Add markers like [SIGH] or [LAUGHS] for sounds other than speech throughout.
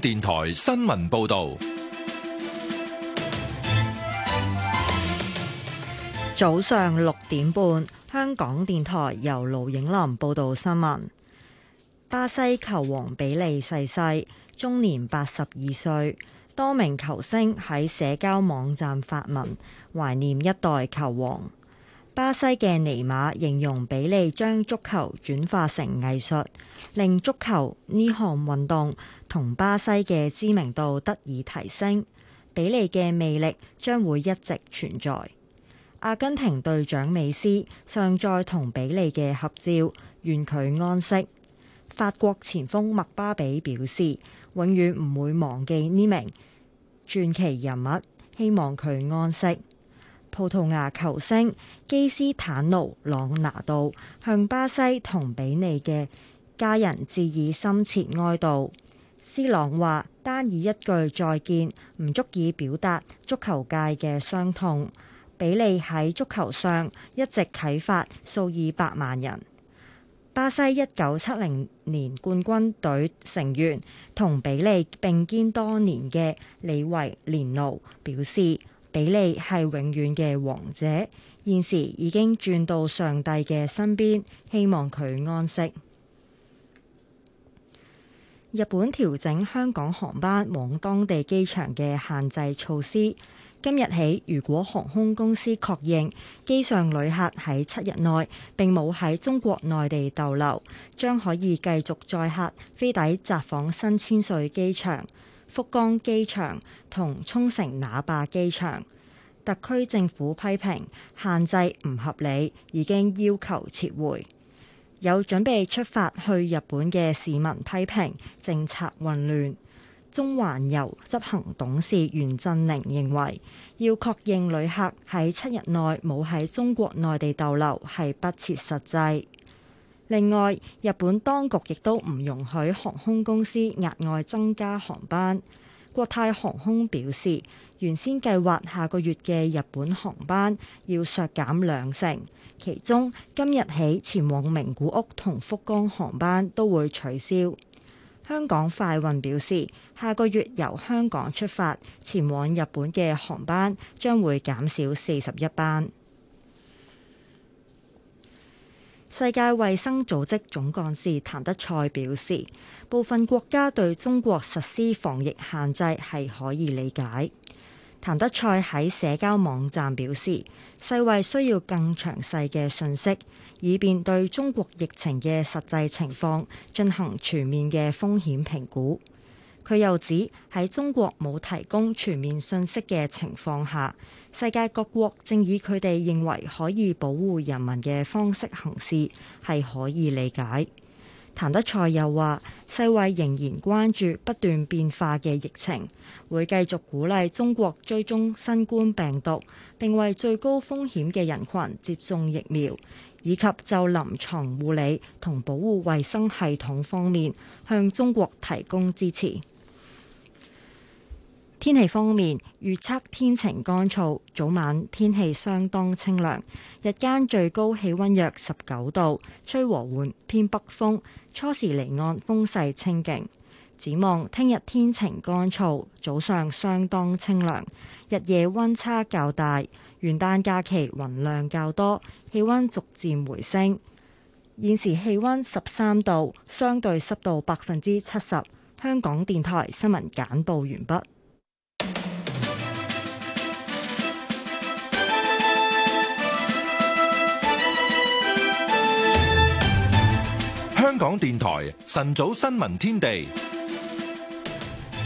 電台新聞報道：早上六點半，香港電台由盧影林報道新聞。巴西球王比利逝世，終年八十二歲。多名球星喺社交網站發文懷念一代球王。巴西嘅尼馬形容比利將足球轉化成藝術，令足球呢項運動同巴西嘅知名度得以提升。比利嘅魅力將會一直存在。阿根廷隊長美斯上載同比利嘅合照，願佢安息。法國前鋒麥巴比表示，永遠唔會忘記呢名傳奇人物，希望佢安息。葡萄牙球星基斯坦奴·朗拿度向巴西同比利嘅家人致以深切哀悼。斯朗話單以一句再見唔足以表達足球界嘅傷痛。比利喺足球上一直啟發數以百萬人。巴西一九七零年冠軍隊成員同比利並肩多年嘅李維連奴表示，比利係永遠嘅王者，現時已經轉到上帝嘅身邊，希望佢安息。日本調整香港航班往當地機場嘅限制措施，今日起，如果航空公司確認機上旅客喺七日內並冇喺中國內地逗留，將可以繼續載客飛抵札幌新千歲機場。福岡機場同沖繩那霸機場，特區政府批評限制唔合理，已經要求撤回。有準備出發去日本嘅市民批評政策混亂。中環遊執行董事袁振寧認為，要確認旅客喺七日內冇喺中國內地逗留係不切實際。另外，日本當局亦都唔容許航空公司額外增加航班。國泰航空表示，原先計劃下個月嘅日本航班要削減兩成，其中今日起前往名古屋同福岡航班都會取消。香港快運表示，下個月由香港出發前往日本嘅航班將會減少四十一班。世界衛生組織總幹事譚德塞表示，部分國家對中國實施防疫限制係可以理解。譚德塞喺社交網站表示，世衛需要更詳細嘅信息，以便對中國疫情嘅實際情況進行全面嘅風險評估。佢又指喺中國冇提供全面信息嘅情況下，世界各國正以佢哋認為可以保護人民嘅方式行事，係可以理解。譚德塞又話，世衛仍然關注不斷變化嘅疫情，會繼續鼓勵中國追蹤新冠病毒，並為最高風險嘅人群接種疫苗，以及就臨床護理同保護衞生系統方面向中國提供支持。天氣方面，預測天晴乾燥，早晚天氣相當清涼，日間最高氣溫約十九度，吹和緩偏北風，初時離岸風勢清勁。展望聽日天晴乾燥，早上相當清涼，日夜溫差較大。元旦假期雲量較多，氣溫逐漸回升。現時氣溫十三度，相對濕度百分之七十。香港電台新聞簡報完畢。香港電台晨早新聞天地，各天地，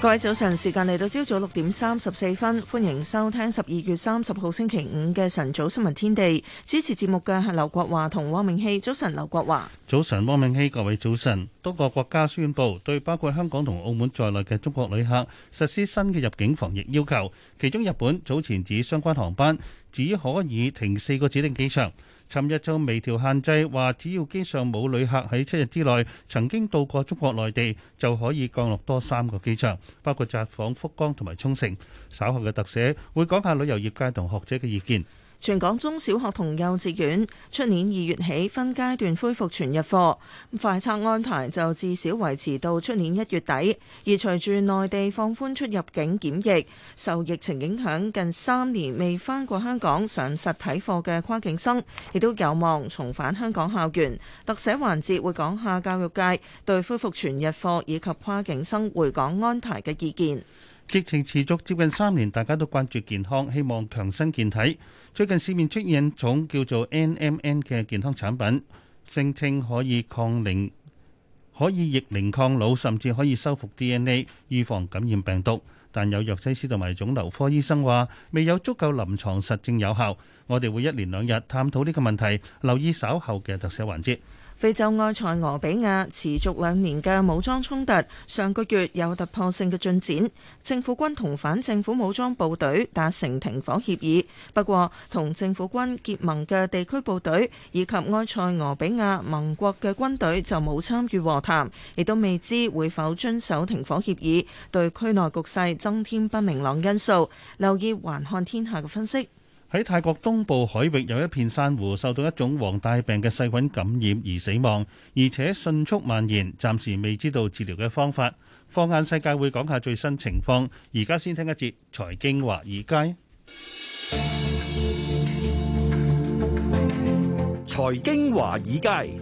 各位早晨，時間嚟到朝早六點三十四分，歡迎收聽十二月三十號星期五嘅晨早新聞天地。主持節目嘅係劉國華同汪明熙。早晨，劉國華，早晨，汪明熙，各位早晨。多個國家宣布對包括香港同澳門在內嘅中國旅客實施新嘅入境防疫要求，其中日本早前指相關航班只可以停四個指定機場。尋日就微調限制，話只要機上冇旅客喺七日之內曾經到過中國內地，就可以降落多三個機場，包括札幌、福岡同埋沖繩。稍後嘅特寫會講下旅遊業界同學者嘅意見。全港中小學同幼稚園出年二月起分階段恢復全日課，快測安排就至少維持到出年一月底。而隨住內地放寬出入境檢疫，受疫情影響近三年未返過香港上實體課嘅跨境生，亦都有望重返香港校園。特寫環節會講下教育界對恢復全日課以及跨境生回港安排嘅意見。疫情持續接近三年，大家都關注健康，希望強身健體。最近市面出現種叫做 NMN 嘅健康產品，聲稱可以抗凝、可以逆齡抗老，甚至可以修復 DNA、預防感染病毒。但有藥劑師同埋腫瘤科醫生話，未有足夠臨床實證有效。我哋會一連兩日探討呢個問題，留意稍後嘅特寫環節。非洲埃塞俄比亞持續兩年嘅武裝衝突，上個月有突破性嘅進展，政府軍同反政府武裝部隊達成停火協議。不過，同政府軍結盟嘅地區部隊以及埃塞俄比亞盟國嘅軍隊就冇參與和談，亦都未知會否遵守停火協議，對區內局勢增添不明朗因素。留意環看天下嘅分析。喺泰國東部海域有一片珊瑚受到一種黃帶病嘅細菌感染而死亡，而且迅速蔓延，暫時未知道治療嘅方法。放眼世界會講下最新情況，而家先聽一節財經華爾街。財經華爾街，爾街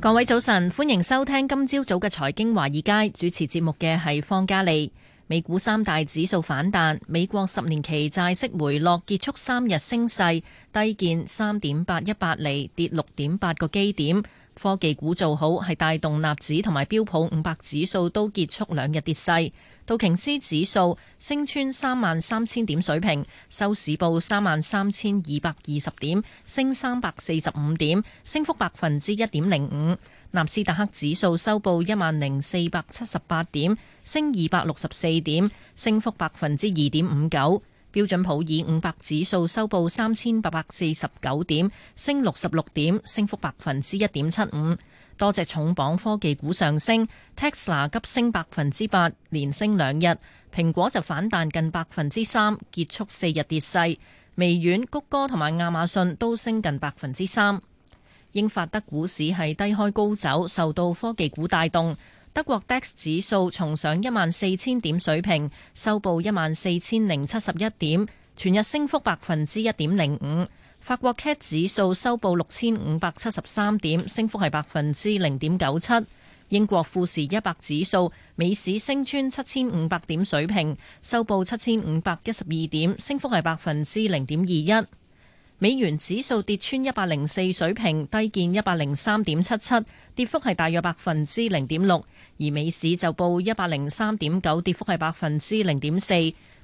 各位早晨，歡迎收聽今朝早嘅財經華爾街，主持節目嘅係方嘉莉。美股三大指數反彈，美國十年期債息回落，結束三日升勢，低見三點八一八厘，跌六點八個基點，科技股做好，係帶動納指同埋標普五百指數都結束兩日跌勢，道瓊斯指數升穿三萬三千點水平，收市報三萬三千二百二十點，升三百四十五點，升幅百分之一點零五。納斯達克指數收報一萬零四百七十八點，升二百六十四點，升幅百分之二點五九。標準普爾五百指數收報三千八百四十九點，升六十六點，升幅百分之一點七五。多隻重磅科技股上升，Tesla 急升百分之八，連升兩日。蘋果就反彈近百分之三，結束四日跌勢。微軟、谷歌同埋亞馬遜都升近百分之三。英法德股市係低開高走，受到科技股帶動。德國 DAX 指數重上一萬四千點水平，收報一萬四千零七十一點，全日升幅百分之一點零五。法國 CAC 指數收報六千五百七十三點，升幅係百分之零點九七。英國富時一百指數，美市升穿七千五百點水平，收報七千五百一十二點，升幅係百分之零點二一。美元指數跌穿一百零四水平，低見一百零三點七七，跌幅係大約百分之零點六。而美市就報一百零三點九，跌幅係百分之零點四。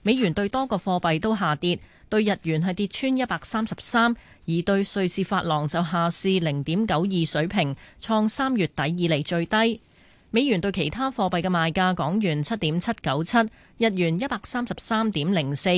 美元對多個貨幣都下跌，對日元係跌穿一百三十三，而對瑞士法郎就下試零點九二水平，創三月底以嚟最低。美元對其他貨幣嘅賣價，港元七點七九七，日元一百三十三點零四。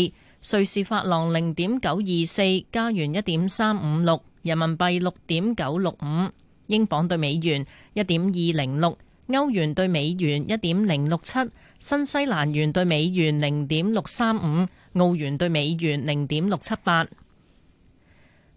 瑞士法郎零點九二四，加元一點三五六，人民幣六點九六五，英鎊對美元一點二零六，歐元對美元一點零六七，新西蘭元對美元零點六三五，澳元對美元零點六七八。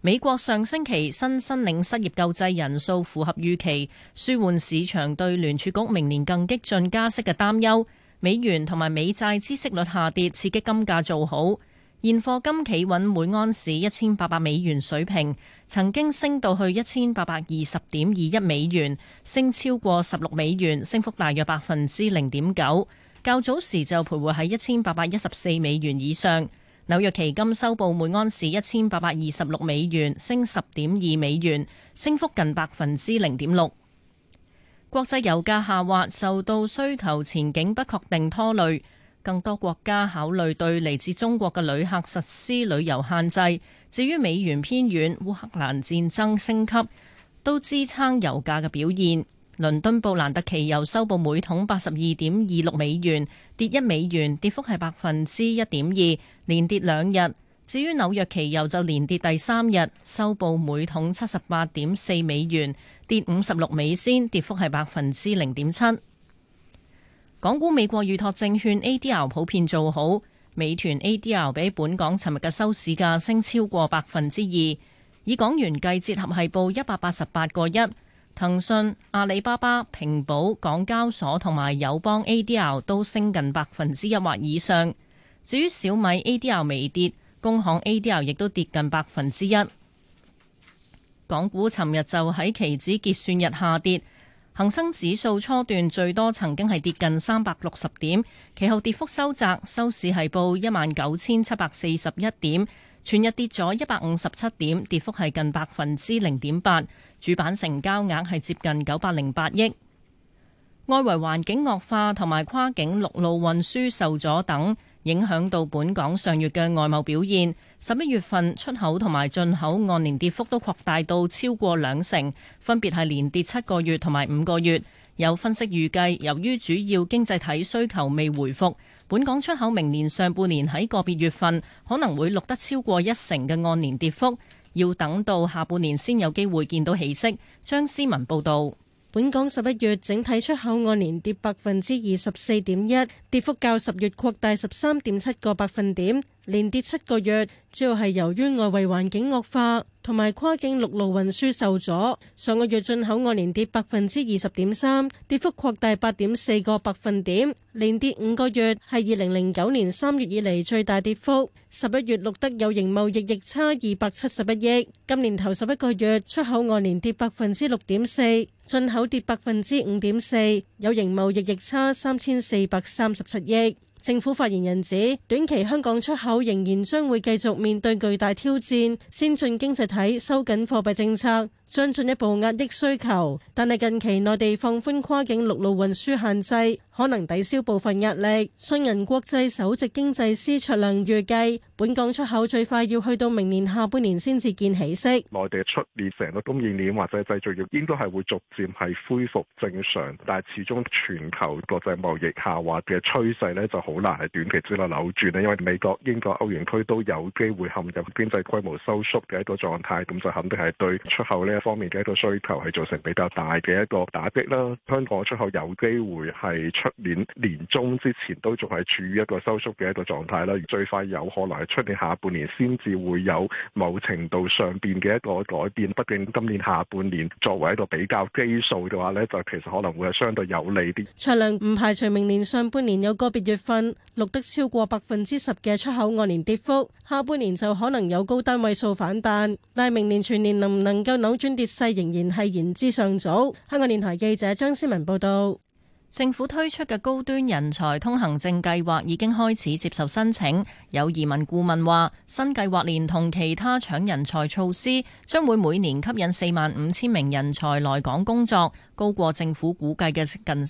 美國上星期新申領失業救濟人數符合預期，舒緩市場對聯儲局明年更激進加息嘅擔憂。美元同埋美債孳息率下跌，刺激金價做好。現貨金企穩每安士一千八百美元水平，曾經升到去一千八百二十點二一美元，升超過十六美元，升幅大約百分之零點九。較早時就徘徊喺一千八百一十四美元以上。紐約期金收報每安士一千八百二十六美元，升十點二美元，升幅近百分之零點六。國際油價下滑，受到需求前景不確定拖累。更多國家考慮對嚟自中國嘅旅客實施旅遊限制。至於美元偏軟、烏克蘭戰爭升級都支撐油價嘅表現。倫敦布蘭特期油收報每桶八十二點二六美元，跌一美元，跌幅係百分之一點二，連跌兩日。至於紐約期油就連跌第三日，收報每桶七十八點四美元，跌五十六美仙，跌幅係百分之零點七。港股美國預託證券 ADR 普遍做好，美團 ADR 比本港尋日嘅收市價升超過百分之二，以港元計，折合係報一百八十八個一。騰訊、阿里巴巴、平保、港交所同埋友邦 ADR 都升近百分之一或以上。至於小米 ADR 微跌，工行 ADR 亦都跌近百分之一。港股尋日就喺期指結算日下跌。恒生指數初段最多曾經係跌近三百六十點，其後跌幅收窄，收市係報一萬九千七百四十一點，全日跌咗一百五十七點，跌幅係近百分之零點八，主板成交額係接近九百零八億。外圍環境惡化同埋跨境陸路運輸受阻等，影響到本港上月嘅外貿表現，十一月份出口同埋進口按年跌幅都擴大到超過兩成，分別係連跌七個月同埋五個月。有分析預計，由於主要經濟體需求未回復，本港出口明年上半年喺個別月份可能會錄得超過一成嘅按年跌幅，要等到下半年先有機會見到起色。張思文報導。本港十一月整體出口按年跌百分之二十四點一，跌幅較十月擴大十三點七個百分點。連跌七個月，主要係由於外圍環境惡化同埋跨境陸路運輸受阻。上個月進口按年跌百分之二十點三，跌幅擴大八點四個百分點，連跌五個月，係二零零九年三月以嚟最大跌幅。十一月錄得有形貿易逆差二百七十一億。今年頭十一個月出口按年跌百分之六點四，進口跌百分之五點四，有形貿易逆差三千四百三十七億。政府發言人指，短期香港出口仍然將會繼續面對巨大挑戰，先進經濟體收緊貨幣政策。將進一步壓抑需求，但係近期內地放寬跨境陸路運輸限制，可能抵消部分壓力。信銀國際首席經濟師卓亮預計，本港出口最快要去到明年下半年先至見起色。內地出年成個供應鏈或者製造業應該係會逐漸係恢復正常，但係始終全球國際貿易下滑嘅趨勢呢就好難喺短期之內扭轉。因為美國、英國、歐元區都有機會陷入經濟規模收縮嘅一個狀態，咁就肯定係對出口呢方面嘅一個需求係造成比較大嘅一個打擊啦。香港出口有機會係出年年中之前都仲係處於一個收縮嘅一個狀態啦。最快有可能係出年下半年先至會有某程度上邊嘅一個改變，畢竟今年下半年作為一個比較基數嘅話咧，就其實可能會係相對有利啲。卓亮唔排除明年上半年有個別月份錄得超過百分之十嘅出口按年跌幅，下半年就可能有高單位數反彈，但係明年全年能唔能夠扭轉。跌勢仍然係言之尚早。香港電台記者張思文報道，政府推出嘅高端人才通行證計劃已經開始接受申請。有移民顧問話，新計劃連同其他搶人才措施，將會每年吸引四萬五千名人才來港工作，高過政府估計嘅近。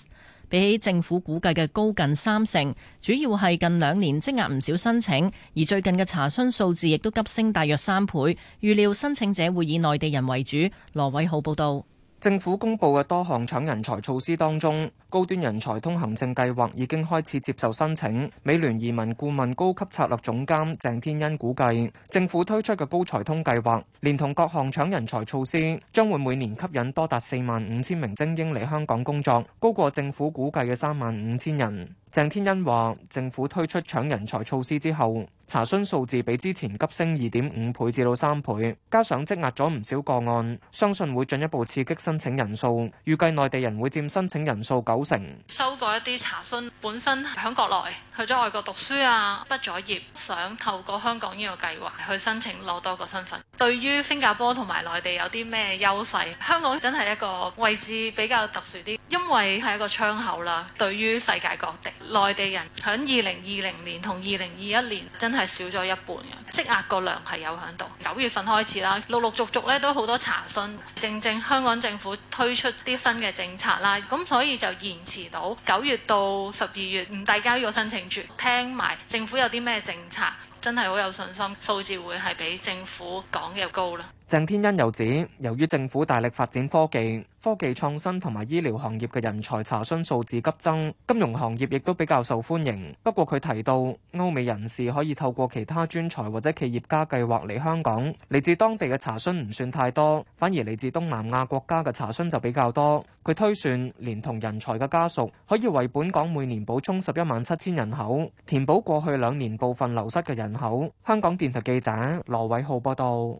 比起政府估計嘅高近三成，主要係近兩年積壓唔少申請，而最近嘅查詢數字亦都急升大約三倍。預料申請者會以內地人為主。羅偉浩報道。政府公布嘅多項搶人才措施當中，高端人才通行證計劃已經開始接受申請，美聯移民顧問高級策略總監鄭天恩估計，政府推出嘅高才通計劃，連同各項搶人才措施，將會每年吸引多達四萬五千名精英嚟香港工作，高過政府估計嘅三萬五千人。鄭天恩話：政府推出搶人才措施之後，查詢數字比之前急升二點五倍至到三倍，加上積壓咗唔少個案，相信會進一步刺激申請人數。預計內地人會佔申請人數九成。收過一啲查詢，本身喺國內去咗外國讀書啊，畢咗業，想透過香港呢個計劃去申請攞多個身份。對於新加坡同埋內地有啲咩優勢？香港真係一個位置比較特殊啲，因為係一個窗口啦。對於世界各地，內地人響二零二零年同二零二一年真係少咗一半嘅積壓個量係有響度。九月份開始啦，陸陸陸續續咧都好多查詢，正正香港政府推出啲新嘅政策啦，咁所以就延遲到九月到十二月，唔遞交呢個申請住，聽埋政府有啲咩政策。真係好有信心，數字會係比政府講嘅高啦。鄭天恩又指，由於政府大力發展科技，科技創新同埋醫療行業嘅人才查詢數字急增，金融行業亦都比較受歡迎。不過佢提到，歐美人士可以透過其他專才或者企業家計劃嚟香港，嚟自當地嘅查詢唔算太多，反而嚟自東南亞國家嘅查詢就比較多。佢推算，連同人才嘅家屬，可以為本港每年補充十一萬七千人口，填補過去兩年部分流失嘅人口。香港電台記者羅偉浩報道。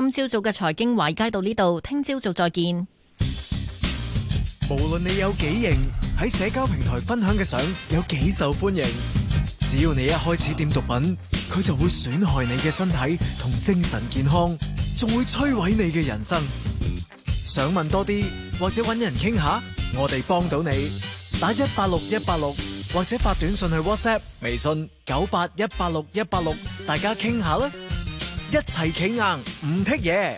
今朝早嘅財經圍街到呢度，聽朝早再見。無論你有幾型喺社交平台分享嘅相有幾受歡迎，只要你一開始掂毒品，佢就會損害你嘅身體同精神健康，仲會摧毀你嘅人生。想問多啲或者搵人傾下，我哋幫到你。打一八六一八六或者發短信去 WhatsApp、微信九八一八六一八六，大家傾下啦。一齊企硬，唔剔嘢。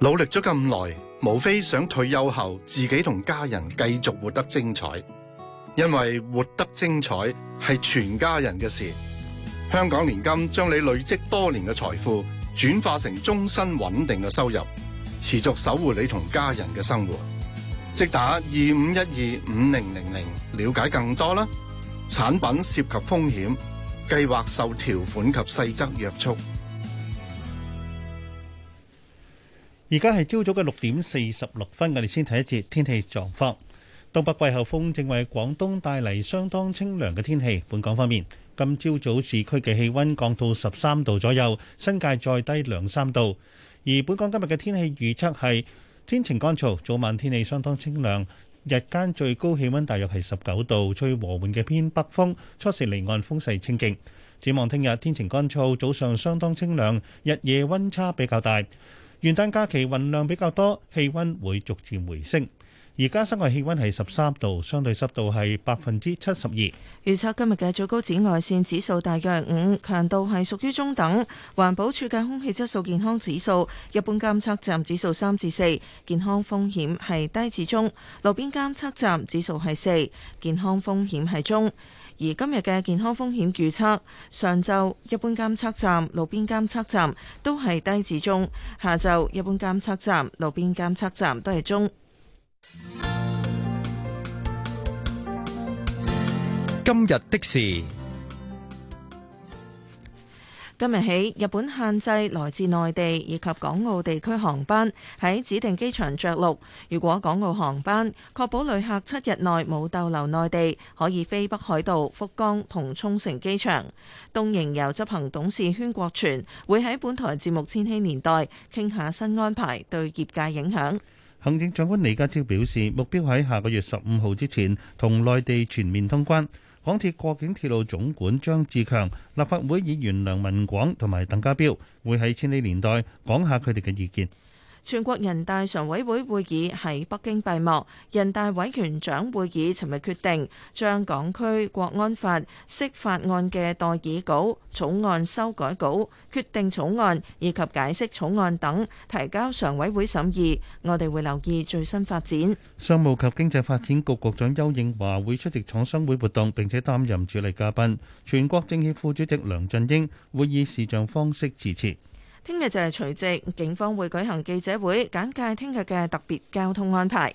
努力咗咁耐，無非想退休後自己同家人繼續活得精彩。因為活得精彩係全家人嘅事。香港年金將你累積多年嘅財富轉化成終身穩定嘅收入，持續守護你同家人嘅生活。即打二五一二五零零零，了解更多啦。產品涉及風險。計劃受條款及細則約束。而家係朝早嘅六點四十六分，我哋先睇一節天氣狀況。東北季候風正為廣東帶嚟相當清涼嘅天氣。本港方面，今朝早，早市區嘅氣溫降到十三度左右，新界再低兩三度。而本港今日嘅天氣預測係天晴乾燥，早晚天氣相當清涼。日間最高氣温大約係十九度，吹和緩嘅偏北風，初時離岸風勢清勁。展望聽日天晴乾燥，早上相當清涼，日夜温差比較大。元旦假期雲量比較多，氣温會逐漸回升。而家室外氣溫係十三度，相對濕度係百分之七十二。預測今日嘅最高紫外線指數大約五，強度係屬於中等。環保署嘅空氣質素健康指數，一般監測站指數三至四，健康風險係低至中；路邊監測站指數係四，健康風險係中。而今日嘅健康風險預測，上晝一般監測站、路邊監測站都係低至中；下晝一般監測站、路邊監測站都係中。今日的事，今日起，日本限制來自內地以及港澳地區航班喺指定機場着陸。如果港澳航班確保旅客七日內冇逗留內地，可以飛北海道、福岡同沖繩機場。東瀛遊執行董事禤國全會喺本台節目《千禧年代》傾下新安排對業界影響。行政長官李家超表示，目標喺下個月十五號之前同內地全面通關。港鐵過境鐵路總管張志強、立法會議員梁文廣同埋鄧家彪會喺千禧年代講下佢哋嘅意見。全國人大常委會會議喺北京閉幕，人大委員長會議尋日決定將港區國安法釋法案嘅代議稿、草案修改稿、決定草案以及解釋草案等提交常委會審議。我哋會留意最新發展。商務及經濟發展局局長邱應華會出席廠商會活動，並且擔任主禮嘉賓。全國政協副主席梁振英會以視像方式致辭。聽日就係除夕，警方會舉行記者會，簡介聽日嘅特別交通安排。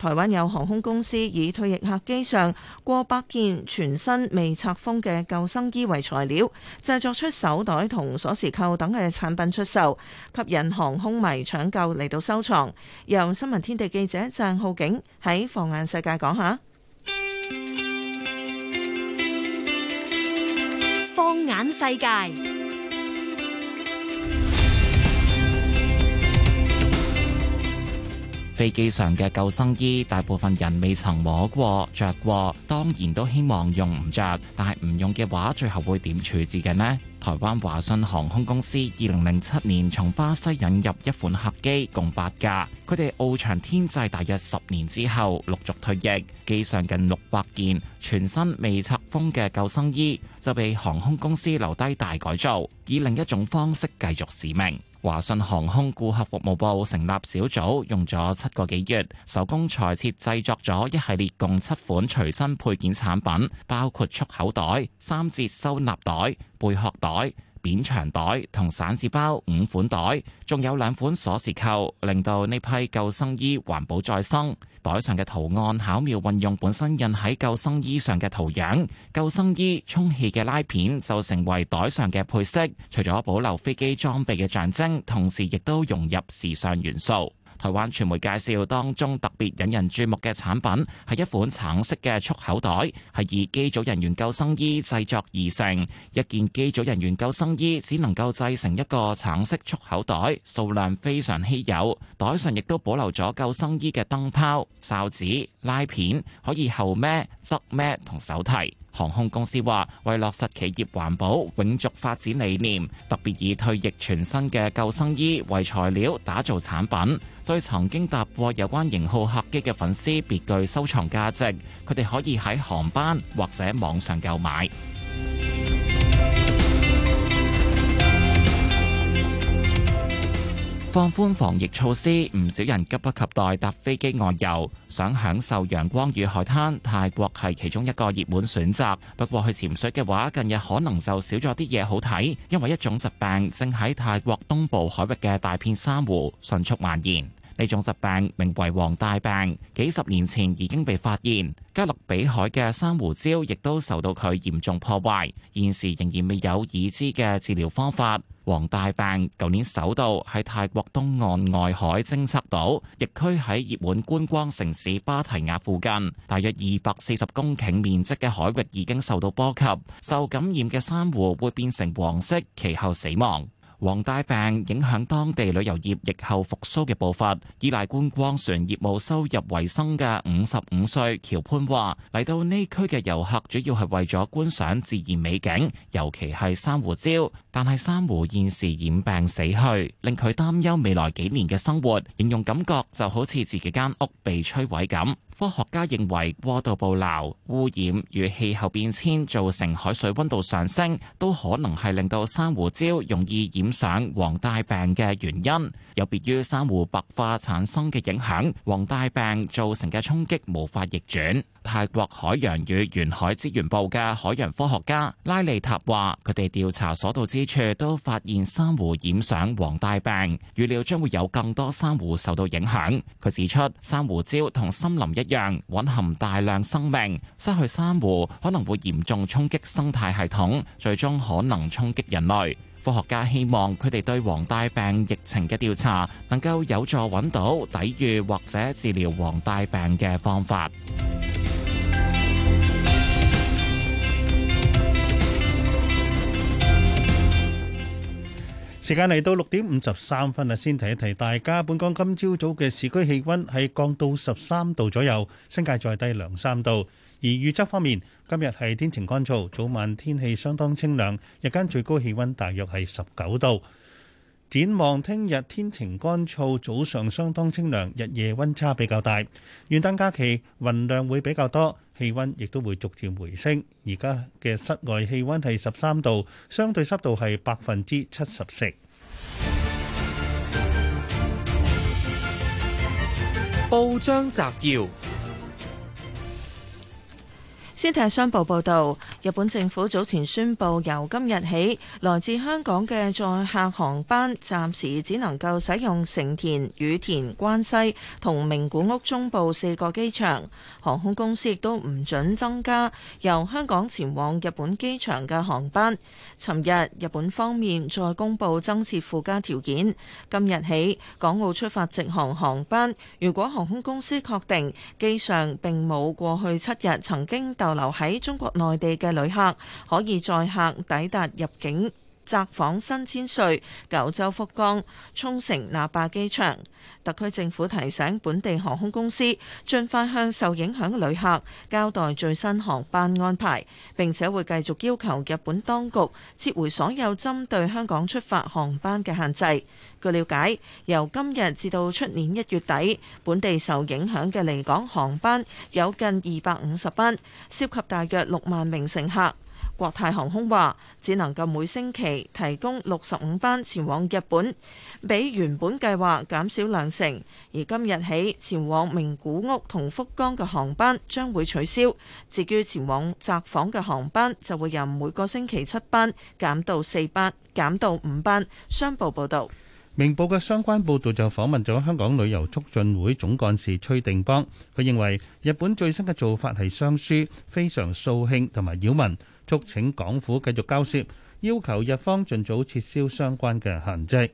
台灣有航空公司以退役客機上過百件全新未拆封嘅救生衣為材料，製作出手袋同鎖匙扣等嘅產品出售，吸引航空迷搶購嚟到收藏。由新聞天地記者鄭浩景喺放眼世界講下。放眼世界。飛機上嘅救生衣，大部分人未曾摸過、着過，當然都希望用唔着。但係唔用嘅話，最後會點處置嘅呢？台灣華信航空公司二零零七年從巴西引入一款客機，共八架。佢哋翱翔天際，大約十年之後，陸續退役，機上近六百件全新未拆封嘅救生衣，就被航空公司留低大改造，以另一種方式繼續使命。華信航空顧客服務部成立小組，用咗七個幾月，手工裁切製作咗一系列共七款隨身配件產品，包括束口袋、三折收納袋、貝殼袋。扁長袋同散紙包五款袋，仲有兩款鎖匙扣，令到呢批救生衣環保再生。袋上嘅圖案巧妙運用本身印喺救生衣上嘅圖樣，救生衣充氣嘅拉片就成為袋上嘅配色。除咗保留飛機裝備嘅象徵，同時亦都融入時尚元素。台灣傳媒介紹當中特別引人注目嘅產品係一款橙色嘅束口袋，係以機組人員救生衣製作而成。一件機組人員救生衣只能夠製成一個橙色束口袋，數量非常稀有。袋上亦都保留咗救生衣嘅燈泡、哨子。拉片可以後咩側，咩同手提。航空公司話，為落實企業環保永續發展理念，特別以退役全新嘅救生衣為材料打造產品，對曾經搭過有關型號客機嘅粉絲別具收藏價值。佢哋可以喺航班或者網上購買。放寬防疫措施，唔少人急不及待搭飛機外遊，想享受陽光與海灘。泰國係其中一個熱門選擇。不過去潛水嘅話，近日可能就少咗啲嘢好睇，因為一種疾病正喺泰國東部海域嘅大片珊瑚迅速蔓延。呢種疾病名為黃帶病，幾十年前已經被發現。加勒比海嘅珊瑚礁亦都受到佢嚴重破壞，現時仍然未有已知嘅治療方法。黃帶病舊年首度喺泰國東岸外海偵測到，疫區喺熱門觀光城市芭堤雅附近，大約二百四十公頃面積嘅海域已經受到波及，受感染嘅珊瑚會變成黃色，其後死亡。黃帶病影響當地旅遊業疫後復甦嘅步伐，依賴觀光船業務收入為生嘅五十五歲喬潘話：嚟到呢區嘅遊客主要係為咗觀賞自然美景，尤其係珊瑚礁。但係珊瑚現時染病死去，令佢擔憂未來幾年嘅生活，形容感覺就好似自己間屋被摧毀咁。科學家認為過度捕撈、污染與氣候變遷造成海水溫度上升，都可能係令到珊瑚礁容易染上黃帶病嘅原因。有別於珊瑚白化產生嘅影響，黃帶病造成嘅衝擊無法逆轉。泰國海洋與沿海資源部嘅海洋科學家拉利塔話，佢哋調查所到之處都發現珊瑚染上黃帶病，預料將會有更多珊瑚受到影響。佢指出，珊瑚礁同森林一樣，蘊含大量生命，失去珊瑚可能會嚴重衝擊生態系統，最終可能衝擊人類。科學家希望佢哋對黃帶病疫情嘅調查，能夠有助揾到抵禦或者治療黃帶病嘅方法。時間嚟到六點五十三分啦，先提一提大家。本港今朝早嘅市區氣温係降到十三度左右，新界再低兩三度。而預測方面，今日係天晴乾燥，早晚天氣相當清涼，日間最高氣温大約係十九度。展望聽日，天晴乾燥，早上相當清涼，日夜温差比較大。元旦假期雲量會比較多。氣温亦都會逐漸回升，而家嘅室外氣温係十三度，相對濕度係百分之七十四。報章摘要。《先睇商報報道》，日本政府早前宣布，由今日起，來自香港嘅載客航班暫時只能夠使用成田、羽田、關西同名古屋中部四個機場。航空公司亦都唔准增加由香港前往日本機場嘅航班。尋日日本方面再公布增設附加條件，今日起港澳出發直航航班，如果航空公司確定機上並冇過去七日曾經逗。留喺中國內地嘅旅客可以載客抵達入境。札幌、新千歲、九州福岡、沖繩那霸機場，特區政府提醒本地航空公司，盡快向受影響嘅旅客交代最新航班安排，並且會繼續要求日本當局撤回所有針對香港出發航班嘅限制。據了解，由今日至到出年一月底，本地受影響嘅離港航班有近二百五十班，涉及大約六萬名乘客。國泰航空話，只能夠每星期提供六十五班前往日本，比原本計劃減少兩成。而今日起前往名古屋同福岡嘅航班將會取消。至於前往札幌嘅航班，就會由每個星期七班減到四班，減到五班。商報報道，明報嘅相關報道就訪問咗香港旅遊促進會總幹事崔定邦，佢認為日本最新嘅做法係雙輸，非常掃興同埋擾民。促請港府繼續交涉，要求日方盡早撤銷相關嘅限制。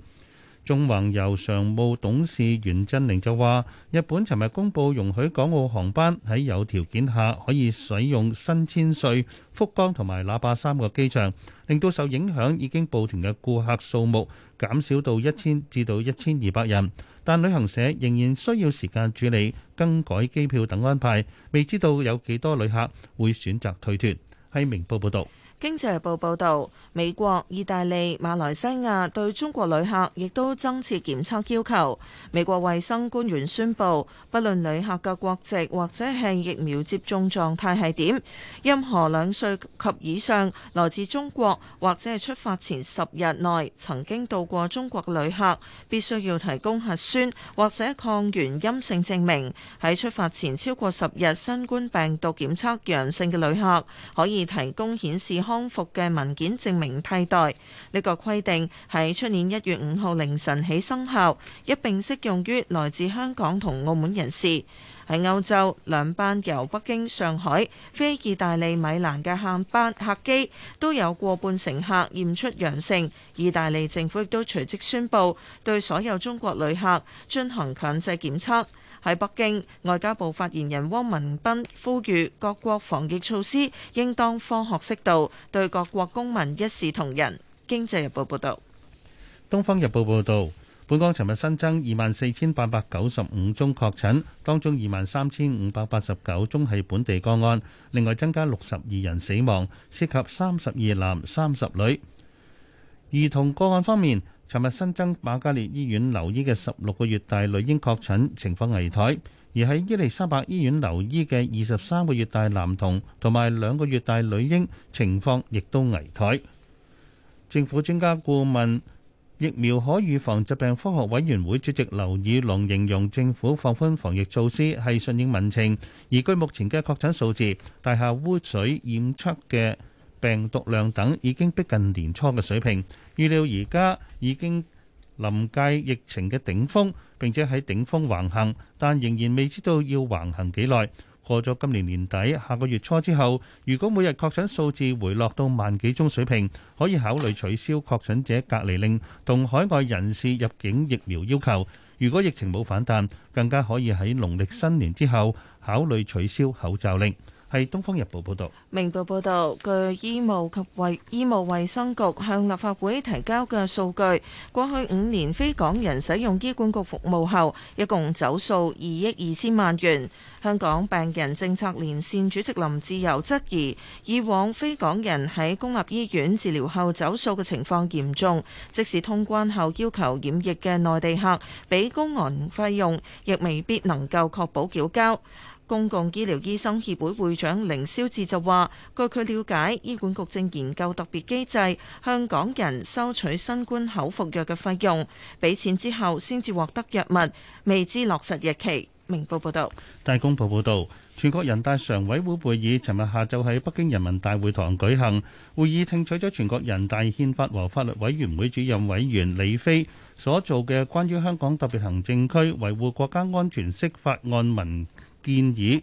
縱橫遊常務董事袁振寧就話：日本尋日公布容許港澳航班喺有條件下可以使用新千歲、福岡同埋那霸三個機場，令到受影響已經報團嘅顧客數目減少到一千至到一千二百人。但旅行社仍然需要時間處理更改機票等安排，未知道有幾多旅客會選擇退團。《明報》報道。經濟日報報道，美國、意大利、馬來西亞對中國旅客亦都增設檢測要求。美國衛生官員宣布，不論旅客嘅國籍或者係疫苗接種狀態係點，任何兩歲及以上來自中國或者係出發前十日內曾經到過中國嘅旅客，必須要提供核酸或者抗原陰性證明。喺出發前超過十日新冠病毒檢測陽性嘅旅客，可以提供顯示。康復嘅文件證明替代呢個規定喺出年一月五號凌晨起生效，一併適用於來自香港同澳門人士喺歐洲兩班由北京、上海飛意大利米蘭嘅航班客機都有過半乘客驗出陽性。意大利政府亦都隨即宣布對所有中國旅客進行強制檢測。喺北京，外交部發言人汪文斌呼籲各國防疫措施應當科學適度，對各國公民一視同仁。經濟日報報道、東方日報報道，本港尋日新增二萬四千八百九十五宗確診，當中二萬三千五百八十九宗係本地個案，另外增加六十二人死亡，涉及三十二男三十女。兒童個案方面。尋日新增瑪嘉烈醫院留醫嘅十六個月大女嬰確診，情況危殆；而喺伊利沙伯醫院留醫嘅二十三個月大男童同埋兩個月大女嬰情況亦都危殆。政府專家顧問疫苗可預防疾病科學委員會主席劉宇龍形容政府放寬防疫措施係順應民情，而據目前嘅確診數字、大廈污水驗出嘅病毒量等，已經逼近年初嘅水平。預料而家已經臨界疫情嘅頂峰，並且喺頂峰橫行，但仍然未知道要橫行幾耐。過咗今年年底、下個月初之後，如果每日確診數字回落到萬幾宗水平，可以考慮取消確診者隔離令同海外人士入境疫苗要求。如果疫情冇反彈，更加可以喺農曆新年之後考慮取消口罩令。係《東方日報》報導，《明報》報導，據醫務及衞醫務衛生局向立法會提交嘅數據，過去五年非港人使用醫管局服務後，一共走數二億二千萬元。香港病人政策連線主席林志油質疑，以往非港人喺公立醫院治療後走數嘅情況嚴重，即使通關後要求染疫嘅內地客俾公銀費用，亦未必能夠確保繳交。公共醫療醫生協會會長凌霄智就話，據佢了解，醫管局正研究特別機制，向港人收取新冠口服藥嘅費用，俾錢之後先至獲得藥物，未知落實日期。明報報導，大公報報道，全國人大常委會會議尋日下晝喺北京人民大會堂舉行，會議聽取咗全國人大憲法和法律委員會主任委員李飛所做嘅關於香港特別行政區維護國家安全釋法案文。建議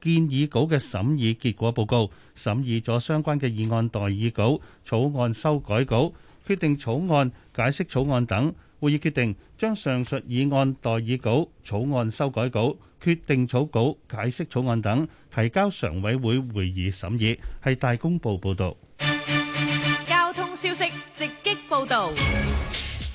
建議稿嘅審議結果報告，審議咗相關嘅議案代議稿、草案修改稿、決定草案、解釋草案等。會議決定將上述議案代議稿、草案修改稿、決定草稿、解釋草案等提交常委會會議審議。係大公報報道。交通消息直擊報道。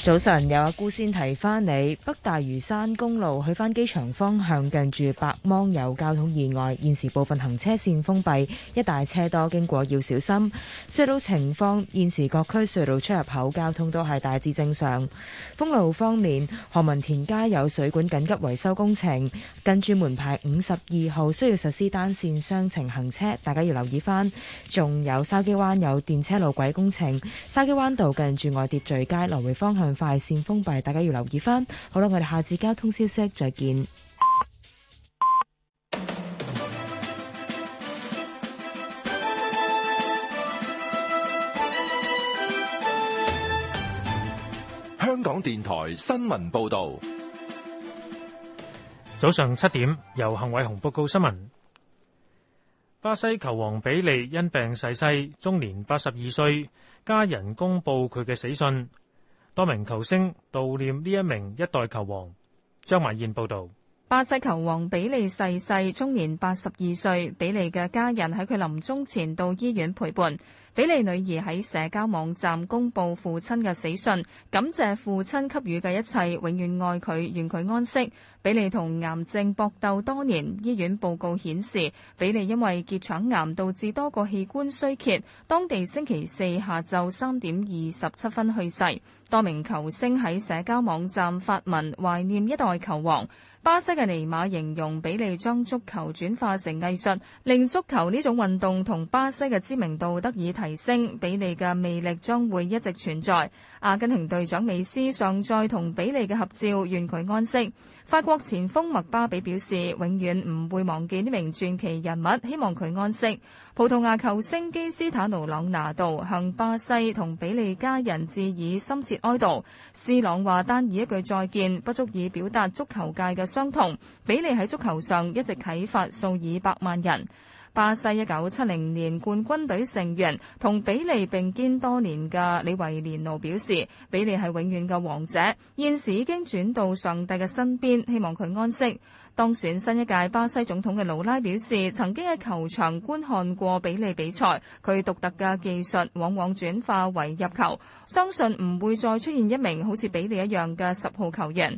早晨，有阿姑先提翻你，北大嶼山公路去返機場方向，近住白芒有交通意外，現時部分行車線封閉，一大車多，經過要小心。隧道情況，現時各區隧道出入口交通都係大致正常。封路方面，何文田街有水管緊急維修工程，近住門牌五十二號需要實施單線雙程行車，大家要留意翻。仲有，筲箕灣有電車路軌工程，筲箕灣道近住愛秩序街來回方向，快線封閉，大家要留意翻。好啦，我哋下次交通消息再見。香港電台新聞報道，早上七點由幸偉雄報告新聞。巴西球王比利因病逝世，終年八十二歲，家人公佈佢嘅死訊。多名球星悼念呢一名一代球王。張文燕報道，巴西球王比利逝世，終年八十二歲。比利嘅家人喺佢臨終前到醫院陪伴。比利女兒喺社交網站公布父親嘅死訊，感謝父親給予嘅一切，永遠愛佢，願佢安息。比利同癌症搏鬥多年，醫院報告顯示比利因為結腸癌導致多個器官衰竭，當地星期四下晝三點二十七分去世。多名球星喺社交網站發文懷念一代球王。巴西嘅尼馬形容比利將足球轉化成藝術，令足球呢種運動同巴西嘅知名度得以提升，比利嘅魅力將會一直存在。阿根廷隊長美斯上載同比利嘅合照，願佢安息。法國前鋒麥巴比表示永遠唔會忘記呢名傳奇人物，希望佢安息。葡萄牙球星基斯塔努朗拿度向巴西同比利家人致以深切哀悼。斯朗話單以一句再見不足以表達足球界嘅傷痛。比利喺足球上一直啟發數以百萬人。巴西一九七零年冠軍隊成員同比利並肩多年嘅李維連奴表示，比利係永遠嘅王者，現時已經轉到上帝嘅身邊，希望佢安息。當選新一屆巴西總統嘅盧拉表示，曾經喺球場觀看過比利比賽，佢獨特嘅技術往往轉化為入球，相信唔會再出現一名好似比利一樣嘅十號球員。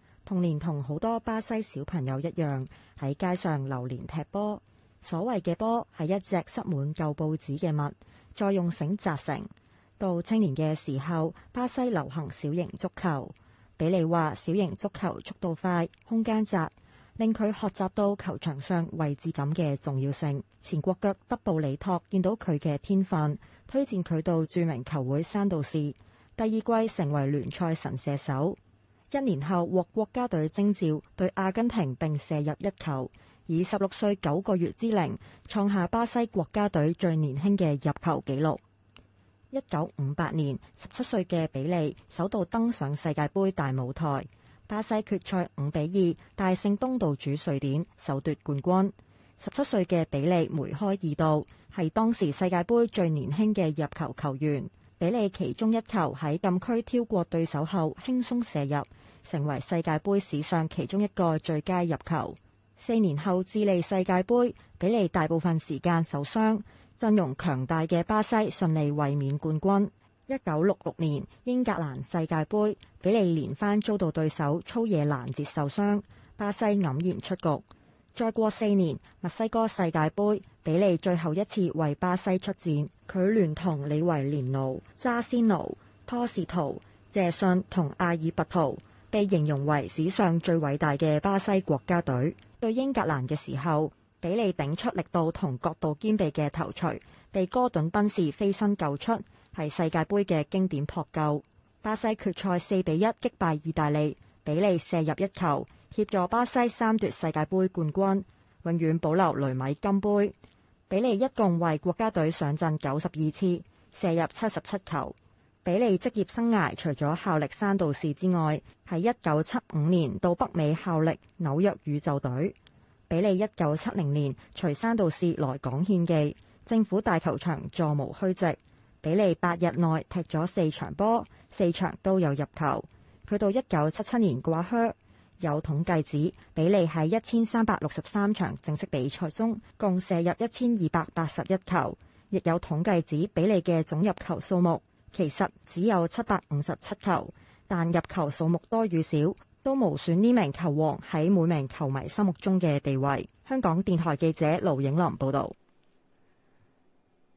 童年同好多巴西小朋友一樣，喺街上流連踢波，所謂嘅波係一隻塞滿舊報紙嘅物，再用繩紮成。到青年嘅時候，巴西流行小型足球。比利話小型足球速度快，空間窄，令佢學習到球場上位置感嘅重要性。前國腳德布里托見到佢嘅天分，推薦佢到著名球會山度士，第二季成為聯賽神射手。一年後獲國家隊徵召，對阿根廷並射入一球，以十六歲九個月之齡創下巴西國家隊最年輕嘅入球紀錄。一九五八年，十七歲嘅比利首度登上世界杯大舞台，巴西決賽五比二大勝東道主瑞典，首奪冠軍。十七歲嘅比利梅開二度，係當時世界杯最年輕嘅入球球員。比利其中一球喺禁區挑過對手後輕鬆射入，成為世界杯史上其中一個最佳入球。四年後智利世界杯，比利大部分時間受傷，陣容強大嘅巴西順利衛冕冠軍。一九六六年英格蘭世界杯，比利連番遭到對手粗野攔截受傷，巴西黯然出局。再過四年，墨西哥世界盃，比利最後一次為巴西出戰。佢聯同李維連奴、扎仙奴、托士圖、謝遜同阿爾伯圖，被形容為史上最偉大嘅巴西國家隊。對英格蘭嘅時候，比利頂出力度同角度兼備嘅頭錘，被哥頓賓士飛身救出，係世界盃嘅經典撲救。巴西決賽四比一擊敗意大利，比利射入一球。協助巴西三奪世界杯冠軍，永遠保留雷米金杯。比利一共為國家隊上陣九十二次，射入七十七球。比利職業生涯除咗效力山道士之外，喺一九七五年到北美效力紐約宇宙隊。比利一九七零年隨山道士來港獻技，政府大球場座無虛席。比利八日內踢咗四場波，四場都有入球。佢到一九七七年掛靴。有統計指比利喺一千三百六十三場正式比賽中，共射入一千二百八十一球；亦有統計指比利嘅總入球數目，其實只有七百五十七球。但入球數目多與少，都無損呢名球王喺每名球迷心目中嘅地位。香港電台記者盧影朗報導。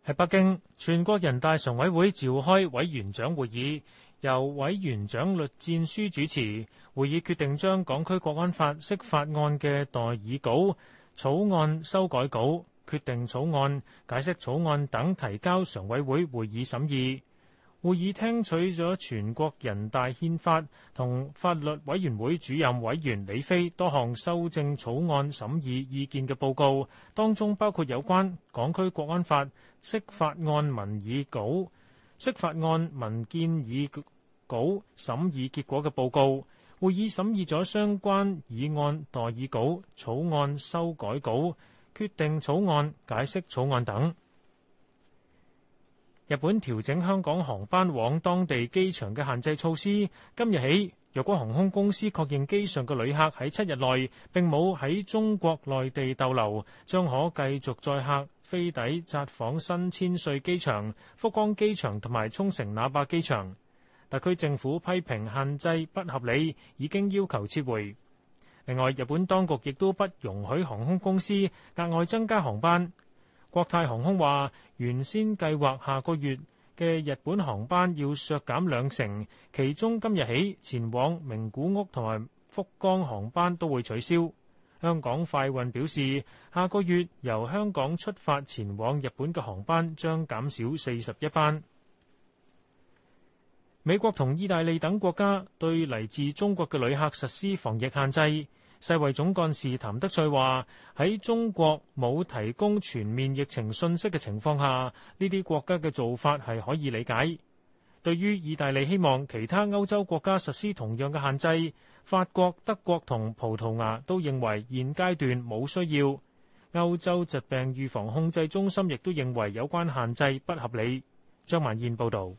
喺北京，全國人大常委會召開委員長會議，由委員長栗戰書主持。會議決定將《港區國安法》釋法案嘅代議稿、草案修改稿、決定草案、解釋草案等提交常委會會議審議。會議聽取咗全國人大憲法同法律委員會主任委員李飛多項修正草案審議意見嘅報告，當中包括有關《港區國安法》釋法案民意稿、釋法案民建議稿審議結果嘅報告。會議審議咗相關議案、代議稿、草案修改稿、決定草案、解釋草案等。日本調整香港航班往當地機場嘅限制措施，今日起，若果航空公司確認機上嘅旅客喺七日內並冇喺中國內地逗留，將可繼續載客飛抵札幌新千歲機場、福岡機場同埋沖繩那霸機場。特區政府批評限制不合理，已經要求撤回。另外，日本當局亦都不容許航空公司額外增加航班。國泰航空話，原先計劃下個月嘅日本航班要削減兩成，其中今日起前往名古屋同埋福岡航班都會取消。香港快運表示，下個月由香港出發前往日本嘅航班將減少四十一班。美國同意大利等國家對嚟自中國嘅旅客實施防疫限制。世衞總幹事譚德塞話：喺中國冇提供全面疫情信息嘅情況下，呢啲國家嘅做法係可以理解。對於意大利希望其他歐洲國家實施同樣嘅限制，法國、德國同葡萄牙都認為現階段冇需要。歐洲疾病預防控制中心亦都認為有關限制不合理。張文燕報導。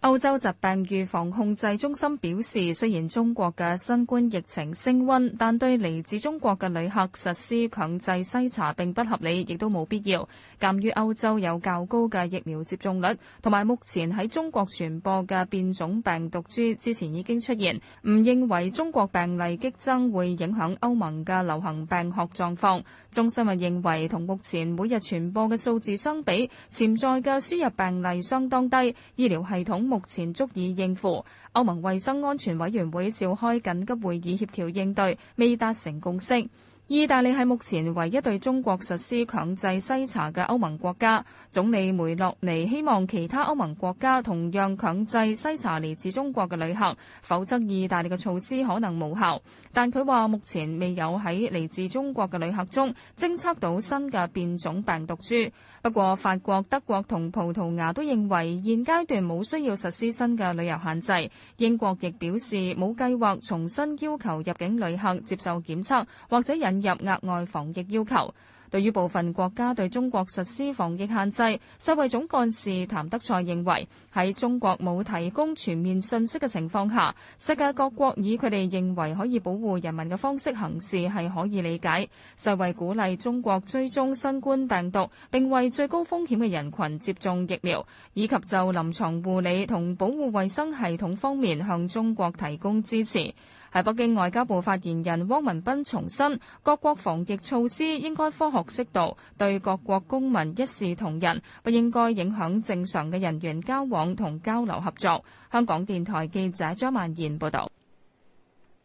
歐洲疾病預防控制中心表示，雖然中國嘅新冠疫情升溫，但對嚟自中國嘅旅客實施強制篩查並不合理，亦都冇必要。鑒於歐洲有較高嘅疫苗接種率，同埋目前喺中國傳播嘅變種病毒株之前已經出現，唔認為中國病例激增會影響歐盟嘅流行病學狀況。中心啊，認為同目前每日傳播嘅數字相比，潛在嘅輸入病例相當低，醫療系統目前足以應付。歐盟衛生安全委員會召開緊急會議協調應對，未達成共識。意大利係目前唯一對中國實施強制篩查嘅歐盟國家。總理梅洛尼希望其他歐盟國家同樣強制篩查嚟自中國嘅旅客，否則意大利嘅措施可能無效。但佢話目前未有喺嚟自中國嘅旅客中偵測到新嘅變種病毒株。不過法國、德國同葡萄牙都認為現階段冇需要實施新嘅旅遊限制。英國亦表示冇計劃重新要求入境旅客接受檢測，或者引入額外防疫要求。對於部分國家對中國實施防疫限制，世衛總幹事譚德塞認為，喺中國冇提供全面信息嘅情況下，世界各國以佢哋認為可以保護人民嘅方式行事係可以理解。世衛鼓勵中國追蹤新冠病毒，並為最高風險嘅人群接種疫苗，以及就臨床護理同保護衛生系統方面向中國提供支持。喺北京外交部發言人汪文斌重申，各國防疫措施應該科學適度，對各國公民一視同仁，不應該影響正常嘅人員交往同交流合作。香港電台記者張曼燕報道。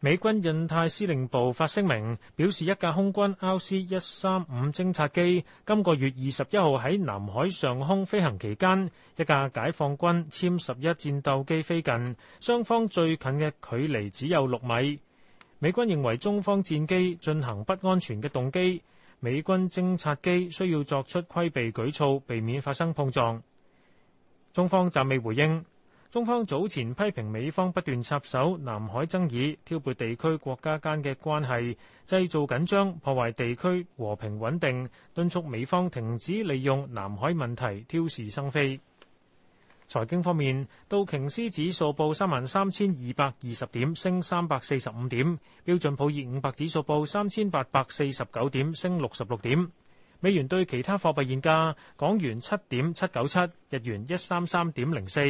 美軍印太司令部發聲明，表示一架空軍 RC-135 偵察機今個月二十一號喺南海上空飛行期間，一架解放軍殲十一戰鬥機飛近，雙方最近嘅距離只有六米。美軍認為中方戰機進行不安全嘅動機，美軍偵察機需要作出規避舉措，避免發生碰撞。中方暫未回應。中方早前批評美方不斷插手南海爭議，挑撥地區國家間嘅關係，製造緊張，破壞地區和平穩定，敦促美方停止利用南海問題挑事生非。財經方面，道瓊斯指數報三萬三千二百二十點，升三百四十五點；標準普爾五百指數報三千八百四十九點，升六十六點。美元兌其他貨幣現價：港元七點七九七，日元一三三點零四，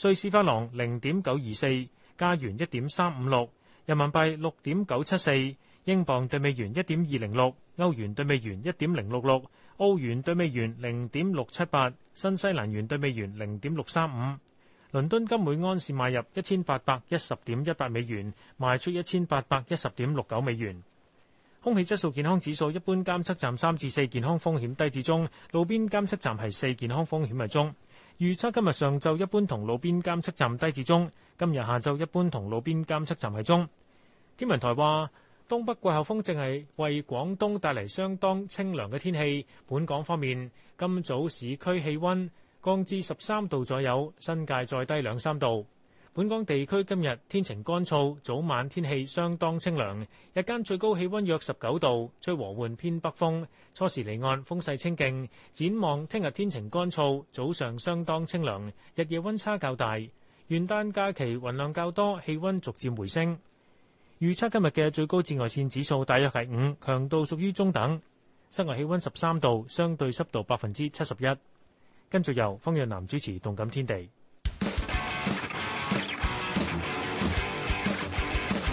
瑞士法郎零點九二四，加元一點三五六，人民幣六點九七四，英鎊對美元一點二零六，歐元對美元一點零六六，澳元對美元零點六七八，新西蘭元對美元零點六三五。倫敦金每盎司買入一千八百一十點一八美元，賣出一千八百一十點六九美元。空氣質素健康指數一般監測站三至四健康風險低至中，路邊監測站係四健康風險係中。預測今日上晝一般同路邊監測站低至中，今日下晝一般同路邊監測站係中。天文台話，東北季候風正係為廣東帶嚟相當清涼嘅天氣。本港方面，今早市區氣温降至十三度左右，新界再低兩三度。本港地區今日天晴乾燥，早晚天氣相當清涼，日間最高氣温約十九度，吹和緩偏北風。初時離岸風勢清勁。展望聽日天晴乾燥，早上相當清涼，日夜温差較大。元旦假期雲量較多，氣温逐漸回升。預測今日嘅最高紫外線指數大約係五，強度屬於中等。室外氣溫十三度，相對濕度百分之七十一。跟住由方若男主持《動感天地》。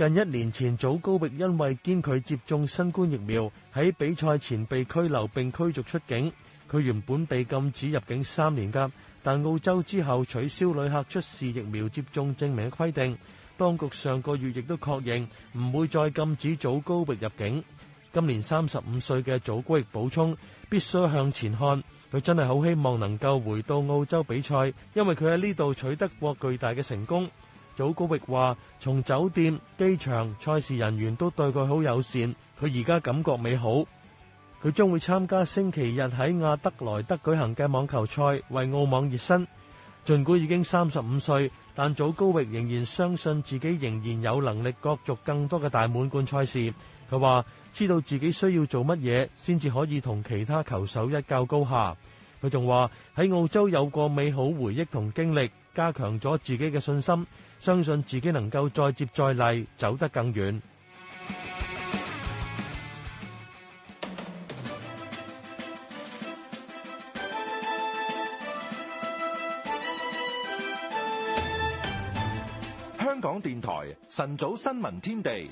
近一年前，祖高域因為堅拒接種新冠疫苗，喺比賽前被拘留並驅逐出境。佢原本被禁止入境三年噶，但澳洲之後取消旅客出示疫苗接種證明嘅規定。當局上個月亦都確認唔會再禁止祖高域入境。今年三十五歲嘅祖高域補充：必須向前看，佢真係好希望能夠回到澳洲比賽，因為佢喺呢度取得過巨大嘅成功。祖高域話：從酒店、機場、賽事人員都對佢好友善，佢而家感覺美好。佢將會參加星期日喺亞德萊德舉行嘅網球賽，為澳網熱身。盡管已經三十五歲，但祖高域仍然相信自己仍然有能力角逐更多嘅大滿貫賽事。佢話知道自己需要做乜嘢，先至可以同其他球手一較高下。佢仲話喺澳洲有個美好回憶同經歷，加強咗自己嘅信心。相信自己，能夠再接再厲，走得更遠。香港電台晨早新聞天地，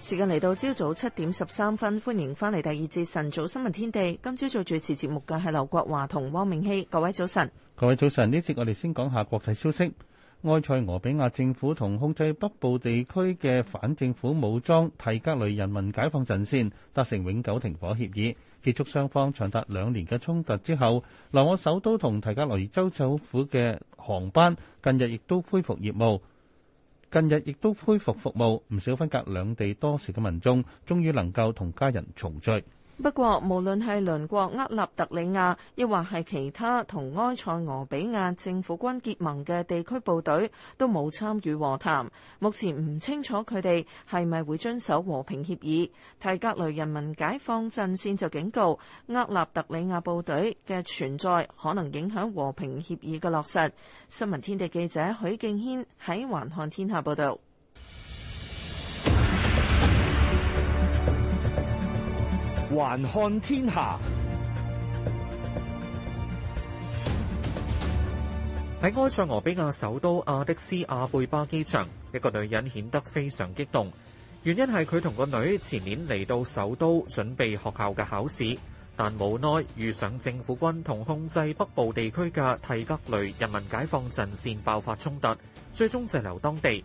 時間嚟到朝早七點十三分，歡迎翻嚟第二節晨早新聞天地。今朝做主持節目嘅係劉國華同汪明熙，各位早晨。各位早晨，呢節我哋先講下國際消息。埃塞俄比亞政府同控制北部地區嘅反政府武裝提格雷人民解放陣線達成永久停火協議，結束雙方長達兩年嘅衝突之後，來往首都同提格雷州首府嘅航班近日亦都恢復業務，近日亦都恢復服務，唔少分隔兩地多時嘅民眾，終於能夠同家人重聚。不過，無論係鄰國厄立特里亞，亦或係其他同埃塞俄比亞政府軍結盟嘅地區部隊，都冇參與和談。目前唔清楚佢哋係咪會遵守和平協議。提格雷人民解放陣線就警告，厄立特里亞部隊嘅存在可能影響和平協議嘅落實。新聞天地記者許敬軒喺環看天下報道。環看天下，喺埃塞俄比亞首都阿迪斯阿貝巴機場，一個女人顯得非常激動，原因係佢同個女前年嚟到首都準備學校嘅考試，但無奈遇上政府軍同控制北部地區嘅提格雷人民解放陣線爆發衝突，最終滯留當地。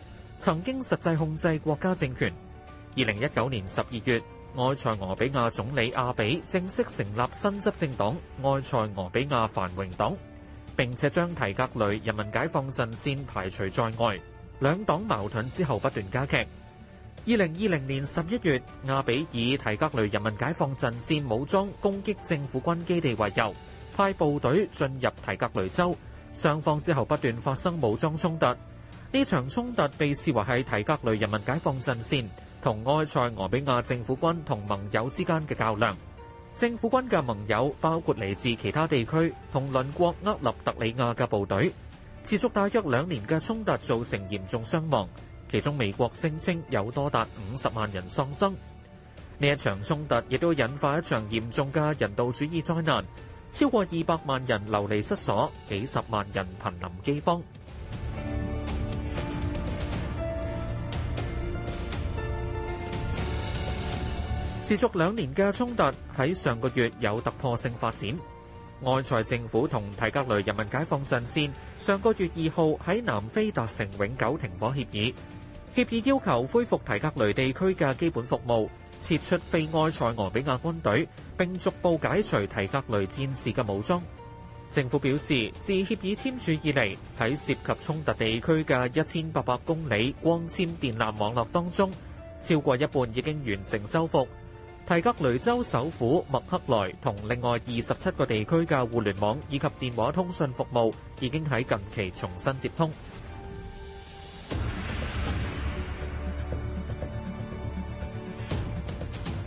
曾經實際控制國家政權。二零一九年十二月，埃塞俄比亞總理阿比正式成立新執政黨埃塞俄比亞繁榮黨，並且將提格雷人民解放陣線排除在外。兩黨矛盾之後不斷加劇。二零二零年十一月，阿比以提格雷人民解放陣線武裝攻擊政府軍基地為由，派部隊進入提格雷州，雙方之後不斷發生武裝衝突。呢場衝突被視為係提格雷人民解放陣線同埃塞俄比亞政府軍同盟友之間嘅較量。政府軍嘅盟友包括嚟自其他地區同鄰國厄立特里亞嘅部隊。持續大約兩年嘅衝突造成嚴重傷亡，其中美國聲稱有多達五十萬人喪生。呢一場衝突亦都引發一場嚴重嘅人道主義災難，超過二百萬人流離失所，幾十萬人瀕臨飢荒。持續兩年嘅衝突喺上個月有突破性發展。埃塞政府同提格雷人民解放陣線上個月二號喺南非達成永久停火協議。協議要求恢復提格雷地區嘅基本服務，撤出非埃塞俄、呃、比亞軍隊，並逐步解除提格雷戰士嘅武裝。政府表示，自協議簽署以嚟，喺涉及衝突地區嘅一千八百公里光纖電纜網絡當中，超過一半已經完成修復。提格雷州首府默克萊同另外二十七個地區嘅互聯網以及電話通訊服務已經喺近期重新接通。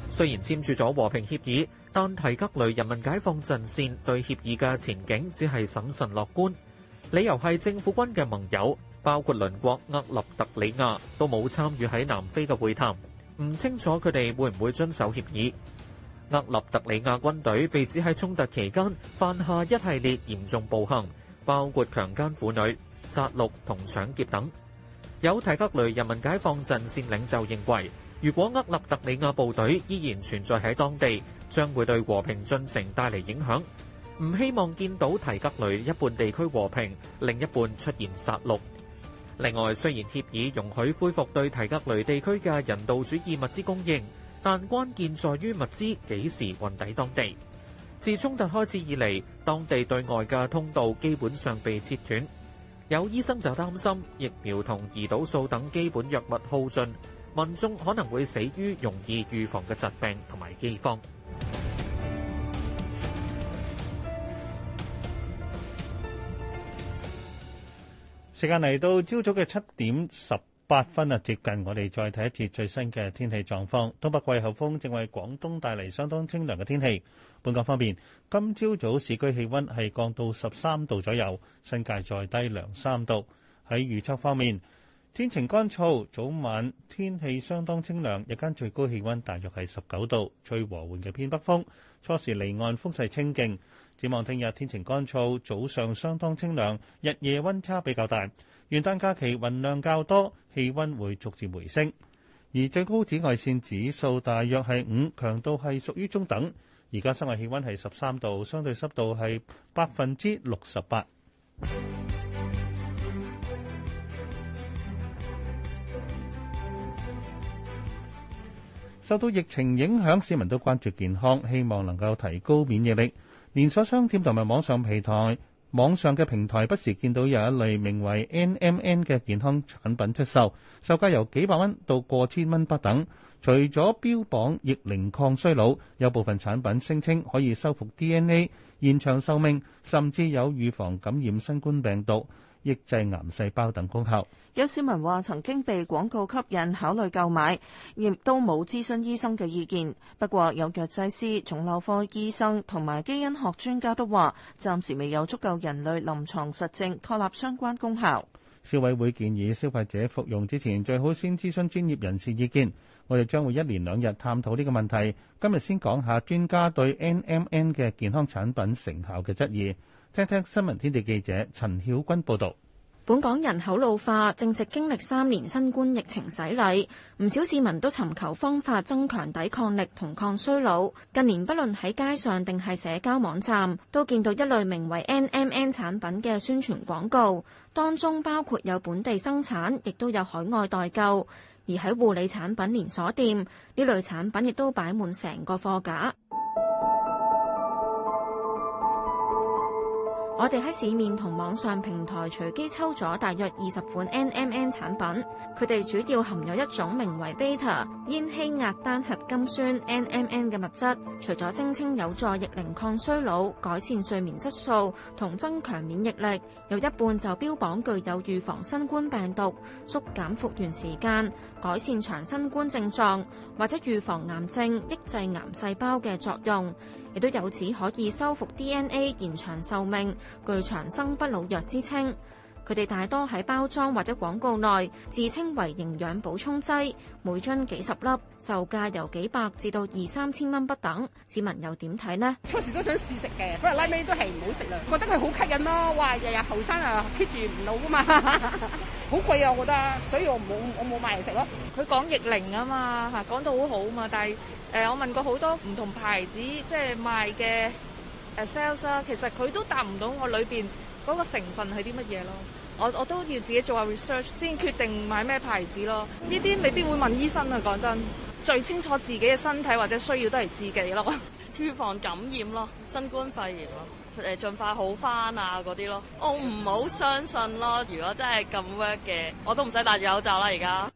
雖然簽署咗和平協議，但提格雷人民解放陣線對協議嘅前景只係審慎樂觀，理由係政府軍嘅盟友，包括鄰國厄立特里亞，都冇參與喺南非嘅會談。唔清楚佢哋會唔會遵守協議。厄立特里亞軍隊被指喺衝突期間犯下一系列嚴重暴行，包括強姦婦女、殺戮同搶劫等。有提格雷人民解放陣線領袖認為，如果厄立特里亞部隊依然存在喺當地，將會對和平進程帶嚟影響。唔希望見到提格雷一半地區和平，另一半出現殺戮。另外，雖然協議容許恢復對提格雷地區嘅人道主義物資供應，但關鍵在於物資幾時運抵當地。自衝突開始以嚟，當地對外嘅通道基本上被切斷。有醫生就擔心疫苗同胰島素等基本藥物耗盡，民眾可能會死於容易預防嘅疾病同埋飢荒。時間嚟到朝早嘅七點十八分啊，接近我哋再睇一次最新嘅天氣狀況。東北季候風正為廣東帶嚟相當清涼嘅天氣。本港方面，今朝早市區氣溫係降到十三度左右，新界再低兩三度。喺預測方面，天晴乾燥，早晚天氣相當清涼，日間最高氣溫大約係十九度，吹和緩嘅偏北風，初時離岸風勢清勁。展望聽日天晴乾燥，早上相當清涼，日夜溫差比較大。元旦假期雲量較多，氣溫會逐漸回升。而最高紫外線指數大約係五，強度係屬於中等。而家室外氣溫係十三度，相對濕度係百分之六十八。受到疫情影響，市民都關注健康，希望能夠提高免疫力。連鎖商店同埋網上平台，網上嘅平台不時見到有一類名為 NMN 嘅健康產品出售，售價由幾百蚊到過千蚊不等。除咗標榜逆齡抗衰老，有部分產品聲稱可以修復 DNA、延長壽命，甚至有預防感染新冠病毒，抑制癌細胞等功效。有市民話曾經被廣告吸引考慮購買，亦都冇諮詢醫生嘅意見。不過有藥劑師、腫瘤科醫生同埋基因學專家都話，暫時未有足夠人類臨床實證確立相關功效。消委會建議消費者服用之前最好先諮詢專業人士意見。我哋將會一連兩日探討呢個問題。今日先講下專家對 NMN 嘅健康產品成效嘅質疑。聽聽新聞天地記者陳曉君報道。本港人口老化，正值經歷三年新冠疫情洗禮，唔少市民都尋求方法增強抵抗力同抗衰老。近年不論喺街上定係社交網站，都見到一類名為 NMN 產品嘅宣傳廣告，當中包括有本地生產，亦都有海外代購。而喺護理產品連鎖店，呢類產品亦都擺滿成個貨架。我哋喺市面同網上平台隨機抽咗大約二十款 NMN 產品，佢哋主要含有一種名為 beta 煙醯胺單核苷酸 NMN 嘅物質。除咗聲稱有助逆齡抗衰老、改善睡眠質素同增強免疫力，有一半就標榜具有預防新冠病毒、縮減復原時間、改善長新冠症狀或者預防癌症、抑制癌細胞嘅作用。亦都有此可以修復 DNA、延長壽命、具長生不老藥之稱。佢哋大多喺包裝或者廣告內自稱為營養補充劑，每樽幾十粒，售價由幾百至到二三千蚊不等。市民又點睇呢？初時都想試食嘅，不過拉尾都係唔好食啦。覺得佢好吸引咯，哇！日日後生啊，keep 住唔老噶嘛。好貴啊，我覺得，所以我冇我冇買嚟食咯。佢講逆齡啊嘛，嚇講到好好啊嘛，但係誒我問過好多唔同牌子即係賣嘅誒 sales 啊，其實佢都答唔到我裏邊。嗰個成分係啲乜嘢咯？我我都要自己做下 research 先決定買咩牌子咯。呢啲未必會問醫生啊，講真，最清楚自己嘅身體或者需要都係自己咯。預防感染咯，新冠肺炎咯，誒盡快好翻啊嗰啲咯。我唔好相信咯，如果真係咁 work 嘅，我都唔使戴住口罩啦而家。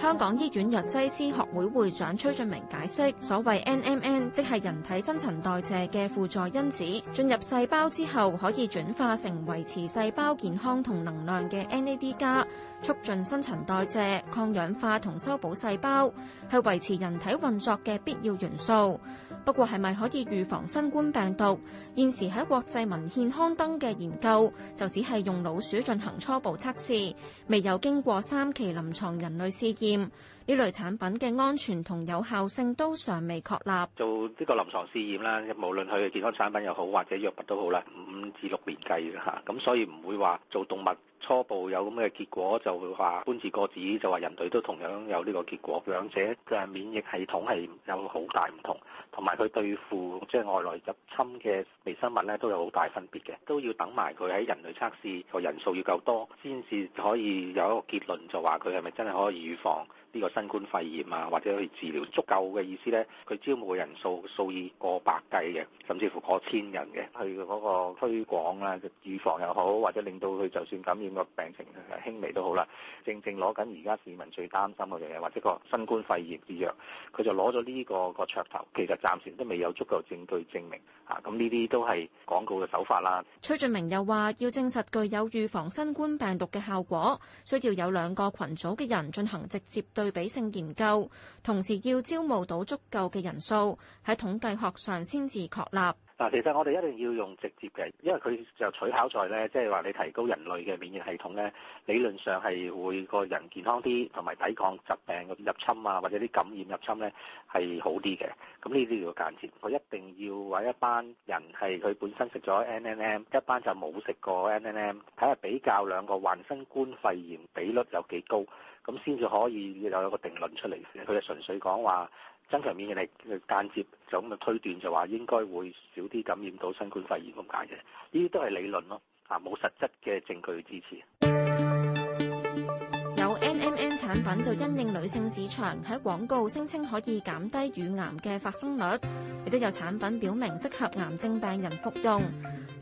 香港醫院藥劑師學會會長崔俊明解釋，所謂 NMN 即係人體新陳代謝嘅輔助因子，進入細胞之後可以轉化成維持細胞健康同能量嘅 NAD 加。促進新陳代謝、抗氧化同修補細胞，係維持人體運作嘅必要元素。不過係咪可以預防新冠病毒？現時喺國際文獻刊登嘅研究就只係用老鼠進行初步測試，未有經過三期臨床人類試驗。呢類產品嘅安全同有效性都尚未確立。做呢個臨床試驗啦，無論佢嘅健康產品又好，或者藥物都好啦，五至六年計啦嚇。咁所以唔會話做動物初步有咁嘅結果，就會話搬字過紙就話人類都同樣有呢個結果。兩者嘅免疫系統係有好大唔同，同埋佢對付即係、就是、外來入侵嘅微生物咧都有好大分別嘅，都要等埋佢喺人類測試個人數要夠多，先至可以有一個結論，就話佢係咪真係可以預防。呢個新冠肺炎啊，或者去治療足夠嘅意思呢，佢招募嘅人數數以過百計嘅，甚至乎過千人嘅去嗰個推廣啦，啊，預防又好，或者令到佢就算感染個病情輕微都好啦。正正攞緊而家市民最擔心嘅嘢，或者個新冠肺炎治藥，佢就攞咗呢個、個噱頭。其實暫時都未有足夠證據證明嚇，咁呢啲都係廣告嘅手法啦。崔俊明又話：要證實具有預防新冠病毒嘅效果，需要有兩個群組嘅人進行直接。對比性研究，同時要招募到足夠嘅人數，喺統計學上先至確立。嗱，其實我哋一定要用直接嘅，因為佢就取巧在咧，即係話你提高人類嘅免疫系統咧，理論上係會個人健康啲，同埋抵抗疾病入侵啊，或者啲感染入侵咧係好啲嘅。咁呢啲要間接，佢一定要話一班人係佢本身食咗 N N M，一班就冇食過 N N M，睇下比較兩個患新冠肺炎比率有幾高，咁先至可以有有個定論出嚟。佢就純粹講話。增強免疫力嘅間接，就咁嘅推斷就話應該會少啲感染到新冠肺炎咁解嘅，呢啲都係理論咯，啊冇實質嘅證據支持。有 NMN 產品就因應女性市場喺廣告聲稱可以減低乳癌嘅發生率，亦都有產品表明適合癌症病人服用。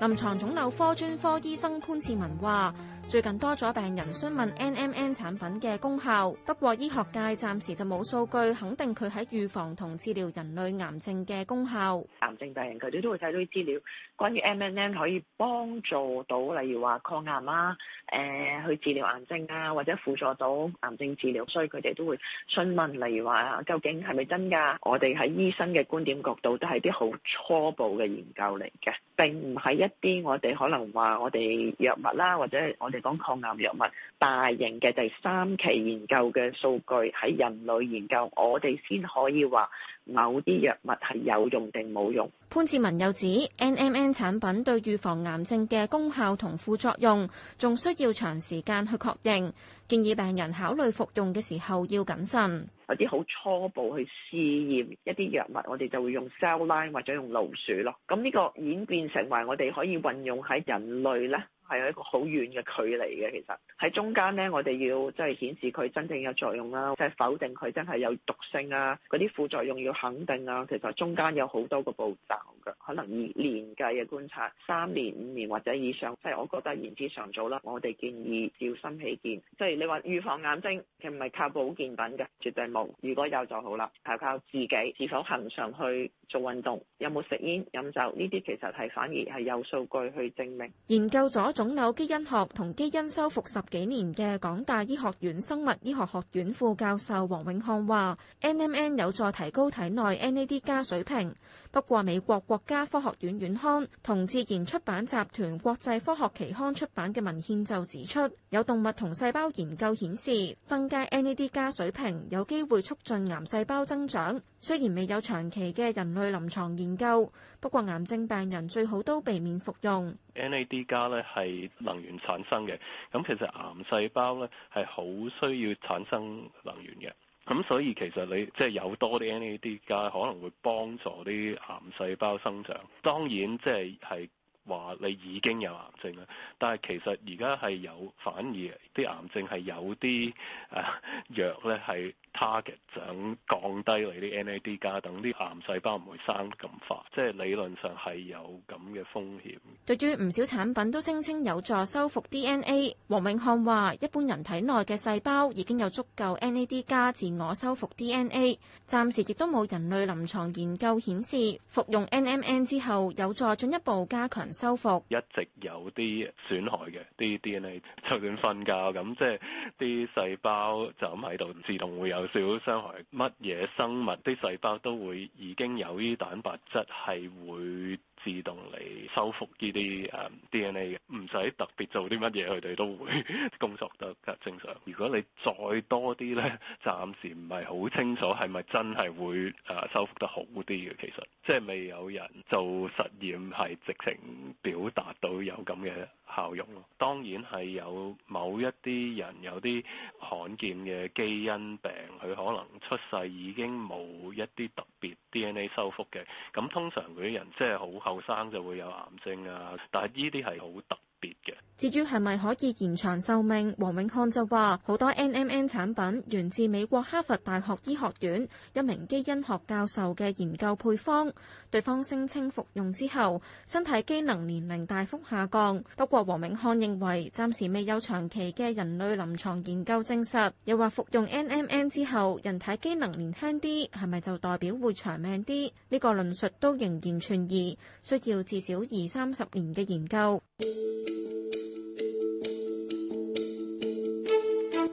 臨床腫瘤科專科醫生潘智文話。最近多咗病人詢問 N M N 產品嘅功效，不過醫學界暫時就冇數據肯定佢喺預防同治療人類癌症嘅功效。癌症病人佢哋都會睇到啲資料，關於 N M N 可以幫助到，例如話抗癌啦，誒、呃、去治療癌症啊，或者輔助到癌症治療，所以佢哋都會詢問，例如話究竟係咪真㗎，我哋喺醫生嘅觀點角度，都係啲好初步嘅研究嚟嘅，並唔係一啲我哋可能話我哋藥物啦，或者我哋。講抗癌藥物大型嘅第三期研究嘅數據喺人類研究，我哋先可以話某啲藥物係有用定冇用。潘志文又指，NMN 產品對預防癌症嘅功效同副作用，仲需要長時間去確認，建議病人考慮服用嘅時候要謹慎。有啲好初步去試驗一啲藥物，我哋就會用 cell line 或者用老鼠咯。咁呢個演變成為我哋可以運用喺人類呢，係一個好遠嘅距離嘅，其實喺中間呢，我哋要即係顯示佢真正有作用啦，即係否定佢真係有毒性啊，嗰啲副作用要肯定啊。其實中間有好多個步驟㗎，可能以年計嘅觀察，三年、五年或者以上，即係我覺得言之尚早啦。我哋建議小心起見，即係你話預防眼睛，其實唔係靠保健品嘅，絕對冇。如果有就好啦，係靠自己是否恆常去做運動，有冇食煙飲酒呢啲，其實係反而係有數據去證明研究咗。腫瘤基因學同基因修復十幾年嘅港大醫學院生物醫學學院副教授黃永漢話 NMN 有助提高體內 NAD 加水平。不過，美國國家科學院院刊同自然出版集團國際科學期刊出版嘅文獻就指出，有動物同細胞研究顯示，增加 NAD 加水平有機會促進癌細胞增長。雖然未有長期嘅人類臨床研究，不過癌症病人最好都避免服用 NAD 加咧，係能源產生嘅。咁其實癌細胞咧係好需要產生能源嘅。咁所以其實你即係、就是、有多啲 NAD 加，可能會幫助啲癌細胞生長。當然即係係話你已經有癌症啦，但係其實而家係有，反而啲癌症係有啲誒、啊、 [LAUGHS] 藥咧係，差嘅，想降低你啲 NAD 加，等啲癌細胞唔會生咁快，即係理論上係有咁嘅風險。對於唔少產品都聲稱有助修復 DNA，黃永漢話：一般人體內嘅細胞已經有足夠 NAD 加自我修復 DNA，暫時亦都冇人類臨床研究顯示服用 NMN 之後有助進一步加強修復。一直有啲損害嘅啲 DNA，就算瞓覺咁，即係啲細胞就咁喺度自動會有，少啲傷害，乜嘢生物啲細胞都會已經有啲蛋白質係會自動嚟修復呢啲誒 DNA 嘅，唔使特別做啲乜嘢，佢哋都會工作得正常。如果你再多啲咧，暫時唔係好清楚係咪真係會誒修復得好啲嘅，其實即係未有人做實驗係直情表達到有咁嘅效用咯，當然係有某一啲人有啲罕見嘅基因病，佢可能出世已經冇一啲特別 DNA 修復嘅，咁通常嗰啲人即係好後生就會有癌症啊，但係呢啲係好特。至於係咪可以延長壽命，黃永漢就話好多 NMN 產品源自美國哈佛大學醫學院一名基因學教授嘅研究配方，對方聲稱服用之後身體機能年齡大幅下降。不過黃永漢認為暫時未有長期嘅人類臨牀研究證實，又話服用 NMN 之後人體機能年輕啲，係咪就代表會長命啲？呢個論述都仍然存疑，需要至少二三十年嘅研究。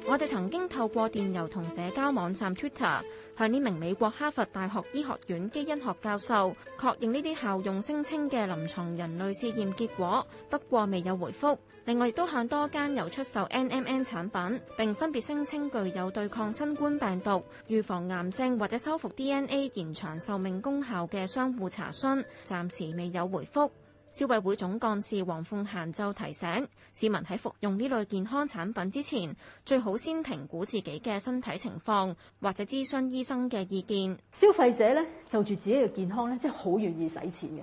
我哋曾經透過電郵同社交網站 Twitter 向呢名美國哈佛大學醫學院基因學教授確認呢啲效用聲稱嘅臨床人類試驗結果，不過未有回覆。另外亦都向多間有出售 NMN 產品，並分別聲稱具有對抗新冠病毒、預防癌症或者修復 DNA、延長壽命功效嘅商戶查詢，暫時未有回覆。消委會總幹事黃鳳嫻就提醒市民喺服用呢類健康產品之前，最好先評估自己嘅身體情況，或者諮詢醫生嘅意見。消費者咧就住自己嘅健康咧，即係好願意使錢嘅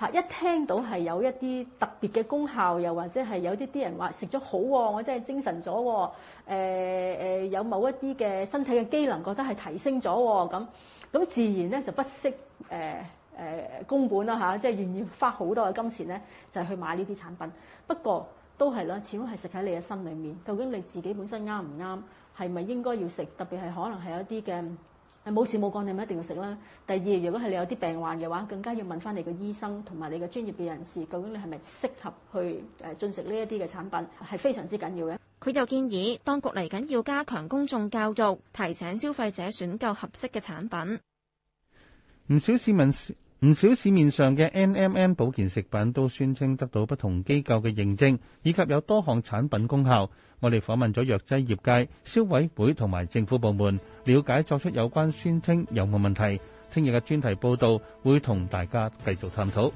吓，一聽到係有一啲特別嘅功效，又或者係有啲啲人話食咗好，我真係精神咗，誒、呃、誒、呃，有某一啲嘅身體嘅機能覺得係提升咗咁，咁自然咧就不惜誒。呃誒、呃、公本啦吓，即係願意花好多嘅金錢咧，就係、是、去買呢啲產品。不過都係啦，始終係食喺你嘅身裏面。究竟你自己本身啱唔啱，係咪應該要食？特別係可能係有一啲嘅冇事冇幹，你咪一定要食啦。第二，如果係你有啲病患嘅話，更加要問翻你嘅醫生同埋你嘅專業嘅人士，究竟你係咪適合去誒進食呢一啲嘅產品，係非常之緊要嘅。佢又建議當局嚟緊要加強公眾教育，提醒消費者選購合適嘅產品。唔少市民。唔少市面上嘅 NMM 保健食品都宣稱得到不同機構嘅認證，以及有多項產品功效。我哋訪問咗藥劑業界、消委會同埋政府部門，了解作出有關宣稱有冇問題。聽日嘅專題報道會同大家繼續探討。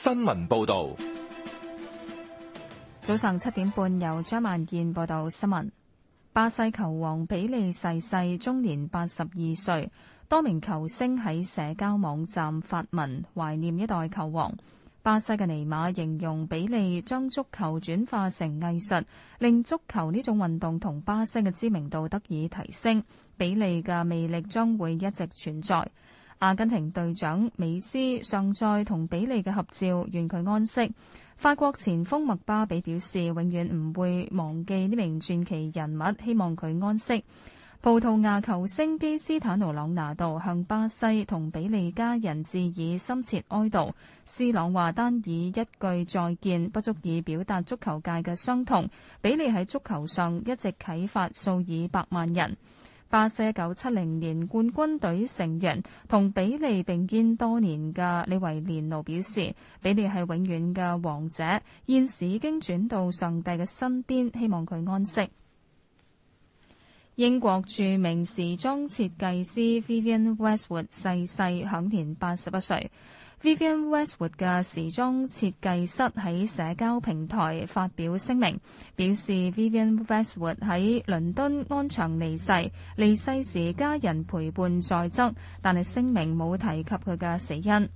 新聞報道。早上七點半有張，由張萬健報道新聞。巴西球王比利逝世，終年八十二歲。多名球星喺社交網站發文懷念一代球王。巴西嘅尼馬形容比利將足球轉化成藝術，令足球呢種運動同巴西嘅知名度得以提升。比利嘅魅力將會一直存在。阿根廷隊長美斯上載同比利嘅合照，願佢安息。法國前鋒麥巴比表示永遠唔會忘記呢名傳奇人物，希望佢安息。葡萄牙球星基斯坦奴朗拿度向巴西同比利家人致以深切哀悼。斯朗話單以一句再見不足以表達足球界嘅傷痛。比利喺足球上一直啟發數以百萬人。巴西一九七零年冠軍隊成員，同比利並肩多年嘅李維連奴表示，比利係永遠嘅王者，現時已經轉到上帝嘅身邊，希望佢安息。英國著名時裝設計師 Vivienne Westwood 逝世，世，享年八十一歲。Vivienne Westwood 嘅時裝設計室喺社交平台發表聲明，表示 Vivienne Westwood 喺倫敦安詳離世，離世時家人陪伴在側，但係聲明冇提及佢嘅死因。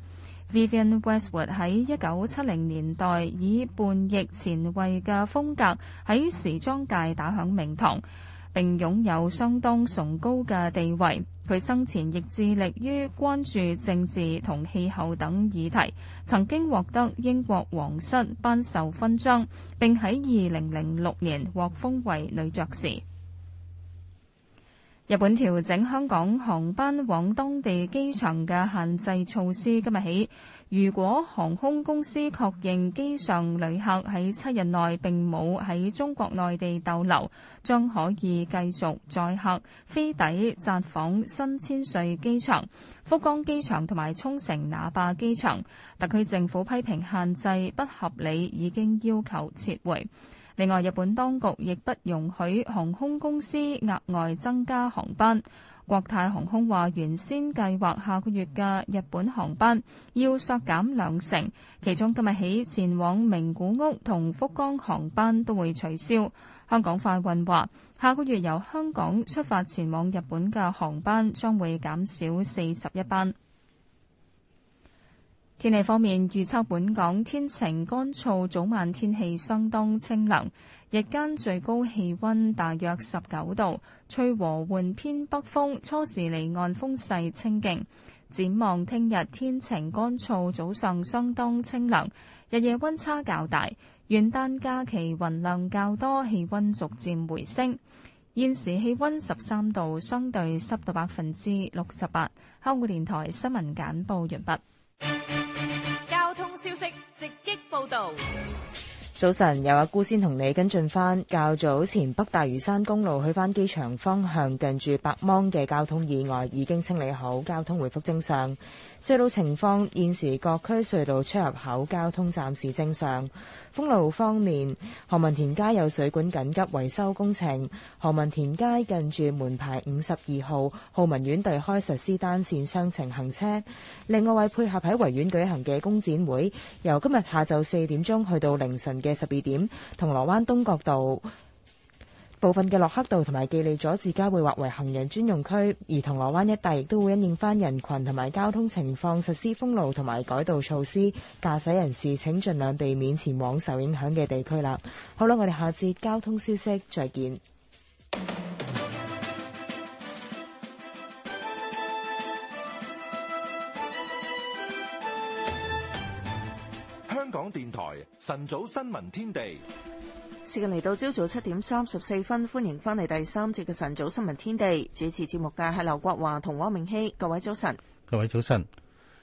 Vivienne Westwood 喺一九七零年代以叛逆前衛嘅風格喺時裝界打響名堂，並擁有相當崇高嘅地位。佢生前亦致力於關注政治同氣候等議題，曾經獲得英國皇室頒授勳章，並喺二零零六年獲封為女爵士。日本調整香港航班往當地機場嘅限制措施，今日起。如果航空公司確認機上旅客喺七日內並冇喺中國內地逗留，將可以繼續載客飛抵札幌新千歲機場、福岡機場同埋沖繩那霸機場。特區政府批評限制不合理，已經要求撤回。另外，日本當局亦不容許航空公司額外增加航班。國泰航空話原先計劃下個月嘅日本航班要縮減兩成，其中今日起前往名古屋同福岡航班都會取消。香港快運話下個月由香港出發前往日本嘅航班將會減少四十一班。天氣方面，預測本港天晴乾燥，早晚天氣相當清涼。日間最高氣溫大約十九度，吹和緩偏北風，初時離岸風勢清勁。展望聽日天晴乾燥，早上相當清涼，日夜溫差較大。元旦假期雲量較多，氣溫逐漸回升。現時氣溫十三度，相對濕度百分之六十八。香港電台新聞簡報完畢。交通消息直擊報道。早晨，有阿姑先同你跟進翻較早前北大嶼山公路去翻機場方向近住白芒嘅交通意外，已經清理好，交通回復正常。隧道情況，現時各區隧道出入口交通暫時正常。封路方面，何文田街有水管緊急維修工程，何文田街近住門牌五十二號浩文苑對開實施單線雙程行車。另外，為配合喺維園舉行嘅工展會，由今日下晝四點鐘去到凌晨嘅十二點，銅鑼灣東角道。部分嘅洛克道同埋記利佐治街會劃為行人專用區，而銅鑼灣一帶亦都會因應翻人群同埋交通情況實施封路同埋改道措施，駕駛人士請盡量避免前往受影響嘅地區啦。好啦，我哋下節交通消息再見。香港電台晨早新聞天地。時間嚟到朝早七點三十四分，歡迎翻嚟第三節嘅晨早新聞天地。主持節目嘅係劉國華同汪明熙。各位早晨，各位早晨。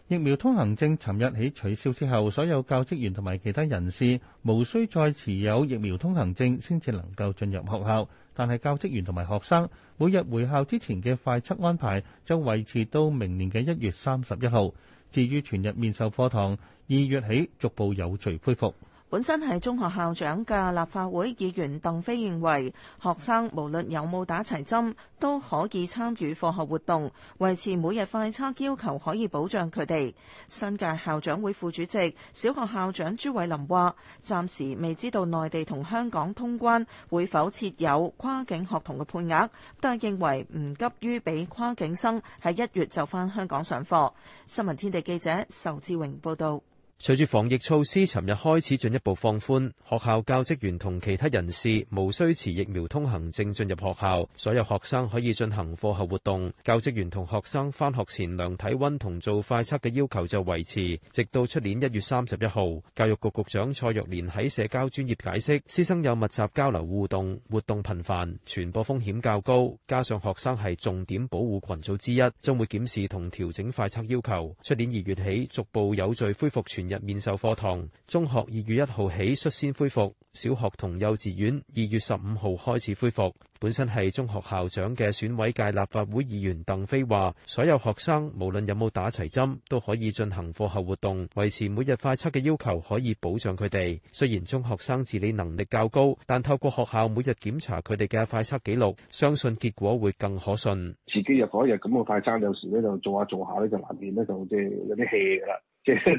疫苗通行證尋日起取消之後，所有教職員同埋其他人士無需再持有疫苗通行證先至能夠進入學校。但係教職員同埋學生每日回校之前嘅快測安排將維持到明年嘅一月三十一號。至於全日面授課堂，二月起逐步有序恢復。本身係中學校長嘅立法會議員鄧飛認為，學生無論有冇打齊針都可以參與課後活動，維持每日快測要求可以保障佢哋。新界校長會副主席、小學校長朱偉林話，暫時未知道內地同香港通關會否設有跨境學童嘅配額，但認為唔急於俾跨境生喺一月就翻香港上課，新聞天地記者仇志榮報道。隨住防疫措施尋日開始進一步放寬，學校教職員同其他人士無需持疫苗通行證進入學校，所有學生可以進行課後活動。教職員同學生翻學前量體溫同做快測嘅要求就維持，直到出年一月三十一號。教育局局長蔡若蓮喺社交專業解釋，師生有密集交流互動，活動頻繁，傳播風險較高，加上學生係重點保護群組之一，將會檢視同調整快測要求。出年二月起，逐步有序恢復全。入面授課堂，中學二月一號起率先恢復，小學同幼稚園二月十五號開始恢復。本身係中學校長嘅選委界立法會議員鄧飛話，所有學生無論有冇打齊針，都可以進行課後活動，維持每日快測嘅要求，可以保障佢哋。雖然中學生自理能力較高，但透過學校每日檢查佢哋嘅快測記錄，相信結果會更可信。自己日嗰日咁嘅快測，有時呢就做下做下呢就難免呢就即係有啲 hea 啦。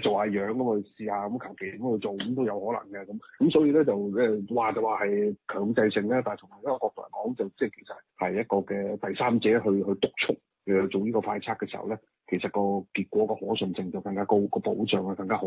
做下樣咁去試下，咁求其咁去做，咁都有可能嘅咁，咁所以咧就即係話就話係強制性咧，但係從另一個角度嚟講，就即係其實係一個嘅第三者去去督促佢做呢個快測嘅時候咧。其實個結果個可信性就更加高，個保障啊更加好。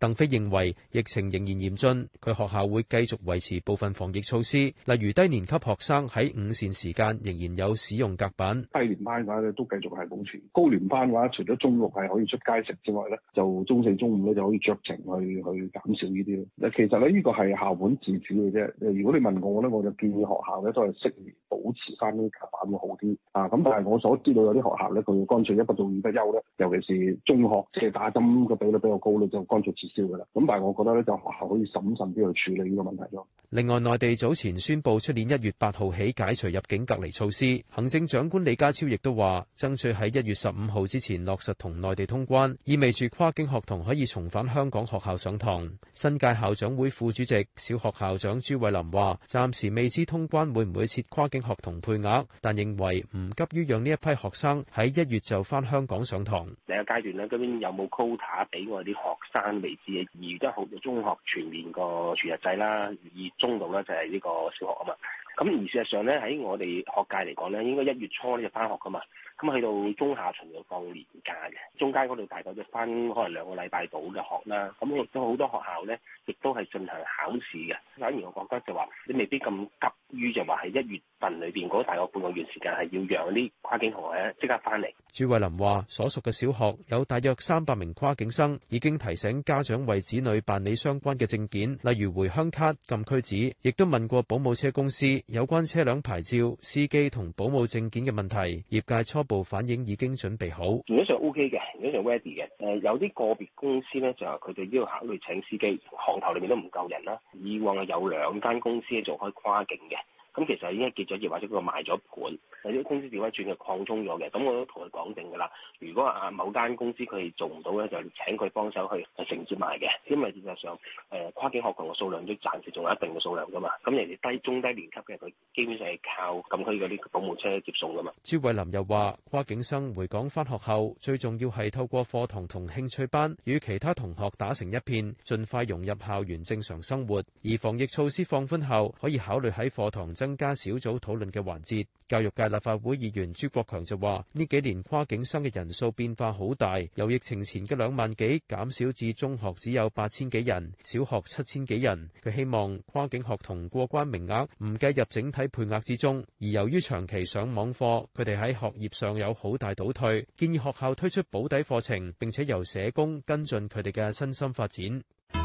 鄧飛認為疫情仍然嚴峻，佢學校會繼續維持部分防疫措施，例如低年級學生喺午膳時間仍然有使用隔板。低年班嘅話咧都繼續係保持，高年班嘅話除咗中六係可以出街食之外咧，就中四、中五咧就可以酌情去去減少呢啲咯。其實咧呢個係校本自主嘅啫。如果你問我咧，我就建議學校咧都係適宜保持翻啲隔板會好啲啊。咁但係我所知道有啲學校咧，佢乾脆一不做二不休。尤其是中學，即係打針嘅比率比較高，你就乾脆撤銷㗎啦。咁但係我覺得呢就學校可以審慎啲去處理呢個問題咯。另外，內地早前宣布出年一月八號起解除入境隔離措施，行政長官李家超亦都話爭取喺一月十五號之前落實同內地通關，意味住跨境學童可以重返香港學校上堂。新界校長會副主席、小學校長朱偉林話：暫時未知通關會唔會設跨境學童配額，但認為唔急於讓呢一批學生喺一月就返香港。上堂第二個階段咧，咁邊有冇 quota 俾我啲學生未知？二月學中學全年個全日制啦，二月中度咧就係呢個小學啊嘛。咁而事實上咧，喺我哋學界嚟講咧，應該一月初咧就翻學噶嘛。咁去到中下旬就放年假嘅，中間嗰度大概就翻可能兩個禮拜到嘅學啦。咁亦都好多學校咧，亦都係進行考試嘅。反而我覺得就話你未必咁急於就話係一月。份裏邊嗰大個半個月時間係要讓啲跨境同學咧即刻翻嚟。朱慧琳話：所屬嘅小學有大約三百名跨境生，已經提醒家長為子女辦理相關嘅證件，例如回鄉卡、禁區紙，亦都問過保姆車公司有關車輛牌照、司機同保姆證件嘅問題。業界初步反映已經準備好，基本上 OK 嘅，基本上 ready 嘅。誒，有啲個別公司咧就係佢哋要考慮請司機，行頭裏面都唔夠人啦。以往係有兩間公司做開跨境嘅。咁、嗯、其實已經結咗業或者佢賣咗盤，有啲公司調翻轉嘅擴充咗嘅，咁我都同佢講定㗎啦。如果啊某間公司佢係做唔到咧，就請佢幫手去承接埋嘅，因為事實上誒、呃、跨境學童嘅數量都暫時仲有一定嘅數量㗎嘛。咁、嗯、人哋低中低年級嘅佢基本上係靠咁區嗰啲保姆車接送㗎嘛。朱偉林又話：跨境生回港返學後，最重要係透過課堂同興趣班，與其他同學打成一片，盡快融入校園正常生活。而防疫措施放寬後，可以考慮喺課堂增加小組討論嘅環節，教育界立法會議員朱國強就話：呢幾年跨境生嘅人數變化好大，由疫情前嘅兩萬幾減少至中學只有八千幾人，小學七千幾人。佢希望跨境學童過關名額唔計入整體配額之中，而由於長期上網課，佢哋喺學業上有好大倒退，建議學校推出補底課程，並且由社工跟進佢哋嘅身心發展。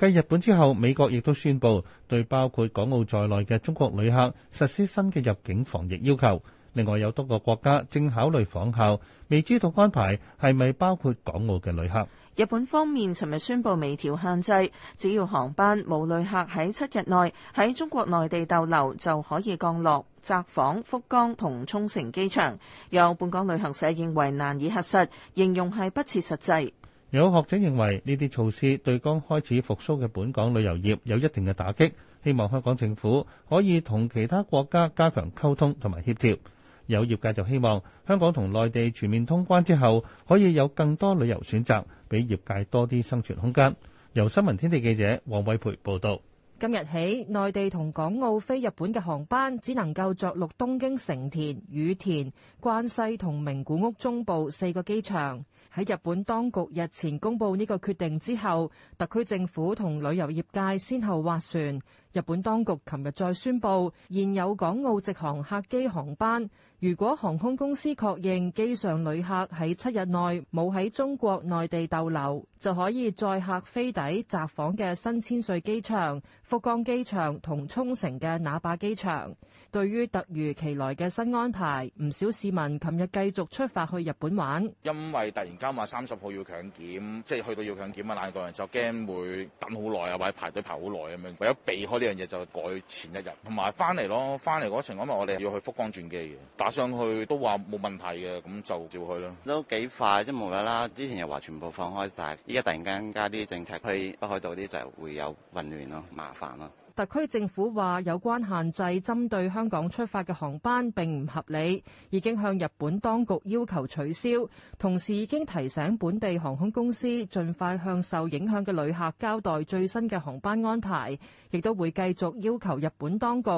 繼日本之後，美國亦都宣布對包括港澳在內嘅中國旅客實施新嘅入境防疫要求。另外有多個國家正考慮訪校，未知道安排係咪包括港澳嘅旅客。日本方面尋日宣布微調限制，只要航班無旅客喺七日內喺中國內地逗留，就可以降落札幌、福岡同沖繩機場。有本港旅行社認為難以核實，形容係不切實際。有學者認為呢啲措施對剛開始復甦嘅本港旅遊業有一定嘅打擊，希望香港政府可以同其他國家加強溝通同埋協調。有業界就希望香港同內地全面通關之後，可以有更多旅遊選擇，俾業界多啲生存空間。由新聞天地記者黃偉培報道。今日起，內地同港澳飛日本嘅航班只能夠着陸東京成田、羽田、關西同名古屋中部四個機場。喺日本當局日前公布呢個決定之後，特區政府同旅遊業界先後劃船。日本當局琴日再宣布，現有港澳直航客機航班，如果航空公司確認機上旅客喺七日內冇喺中國內地逗留，就可以載客飛抵札幌嘅新千歲機場、福岡機場同沖繩嘅那霸機場。對於突如其來嘅新安排，唔少市民琴日繼續出發去日本玩。因為突然間話三十號要強檢，即係去到要強檢啊，懶個人就驚會等好耐啊，或者排隊排好耐咁樣，為咗避開呢樣嘢就改前一日，同埋翻嚟咯，翻嚟嗰程因為我哋要去福岡轉機嘅，打上去都話冇問題嘅，咁就照去咯。都幾快即無啦啦，之前又話全部放開晒，依家突然間加啲政策，去北海道啲就會有混亂咯，麻煩咯。特區政府話有關限制針對香港出發嘅航班並唔合理，已經向日本當局，要求取消，同時已經提醒本地航空公司盡快向受影響嘅旅客交代最新嘅航班安排，亦都會繼續要求日本當局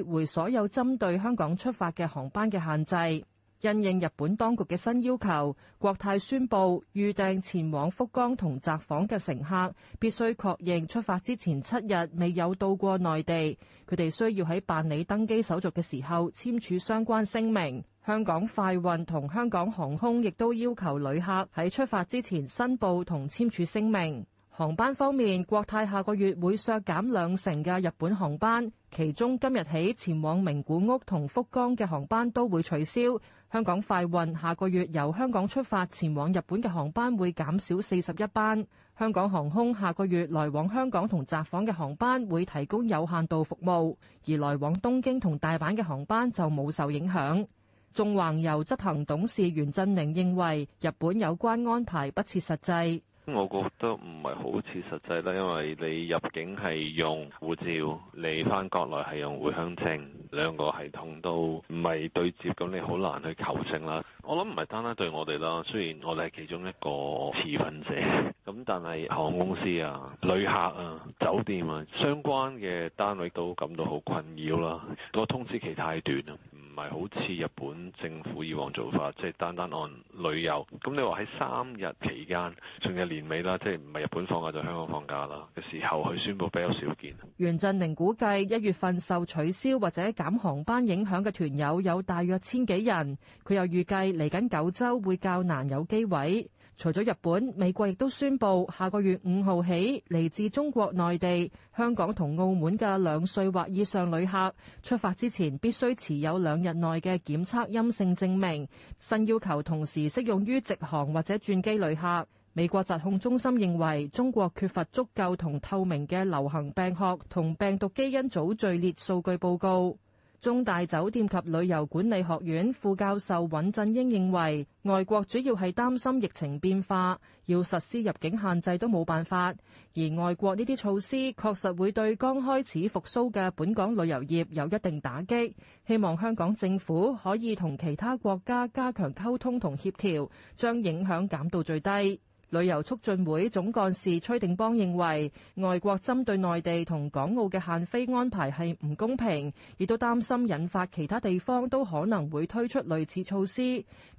撤回所有針對香港出發嘅航班嘅限制。因應日本當局嘅新要求，國泰宣布預訂前往福岡同札幌嘅乘客必須確認出發之前七日未有到過內地。佢哋需要喺辦理登機手續嘅時候簽署相關聲明。香港快運同香港航空亦都要求旅客喺出發之前申報同簽署聲明。航班方面，國泰下個月會削減兩成嘅日本航班，其中今日起前往名古屋同福岡嘅航班都會取消。香港快運下個月由香港出發前往日本嘅航班會減少四十一班。香港航空下個月來往香港同札幌嘅航班會提供有限度服務，而來往東京同大阪嘅航班就冇受影響。縱橫遊執行董事袁振寧認為，日本有關安排不切實際。我覺得唔係好似實際啦，因為你入境係用護照，你返國內係用回鄉證，兩個系統都唔係對接咁，你好難去求證啦。我諗唔係單單對我哋啦，雖然我哋係其中一個持份者，咁但係航空公司啊、旅客啊、酒店啊相關嘅單位都感到好困擾啦。個通知期太短啊！係好似日本政府以往做法，即係單單按旅遊。咁你話喺三日期間仲有年尾啦，即係唔係日本放假就香港放假啦嘅時候，佢宣布比較少見。袁振寧估計一月份受取消或者減航班影響嘅團友有大約千幾人，佢又預計嚟緊九州會較難有機位。除咗日本，美國亦都宣布下個月五號起，嚟自中國內地、香港同澳門嘅兩歲或以上旅客出發之前必須持有兩日內嘅檢測陰性證明。新要求同時適用於直航或者轉機旅客。美國疾控中心認為中國缺乏足夠同透明嘅流行病學同病毒基因組序列數據報告。中大酒店及旅遊管理學院副教授尹振英認為，外國主要係擔心疫情變化，要實施入境限制都冇辦法，而外國呢啲措施確實會對剛開始復甦嘅本港旅遊業有一定打擊。希望香港政府可以同其他國家加強溝通同協調，將影響減到最低。旅遊促進會總幹事崔定邦認為，外國針對內地同港澳嘅限飛安排係唔公平，亦都擔心引發其他地方都可能會推出類似措施。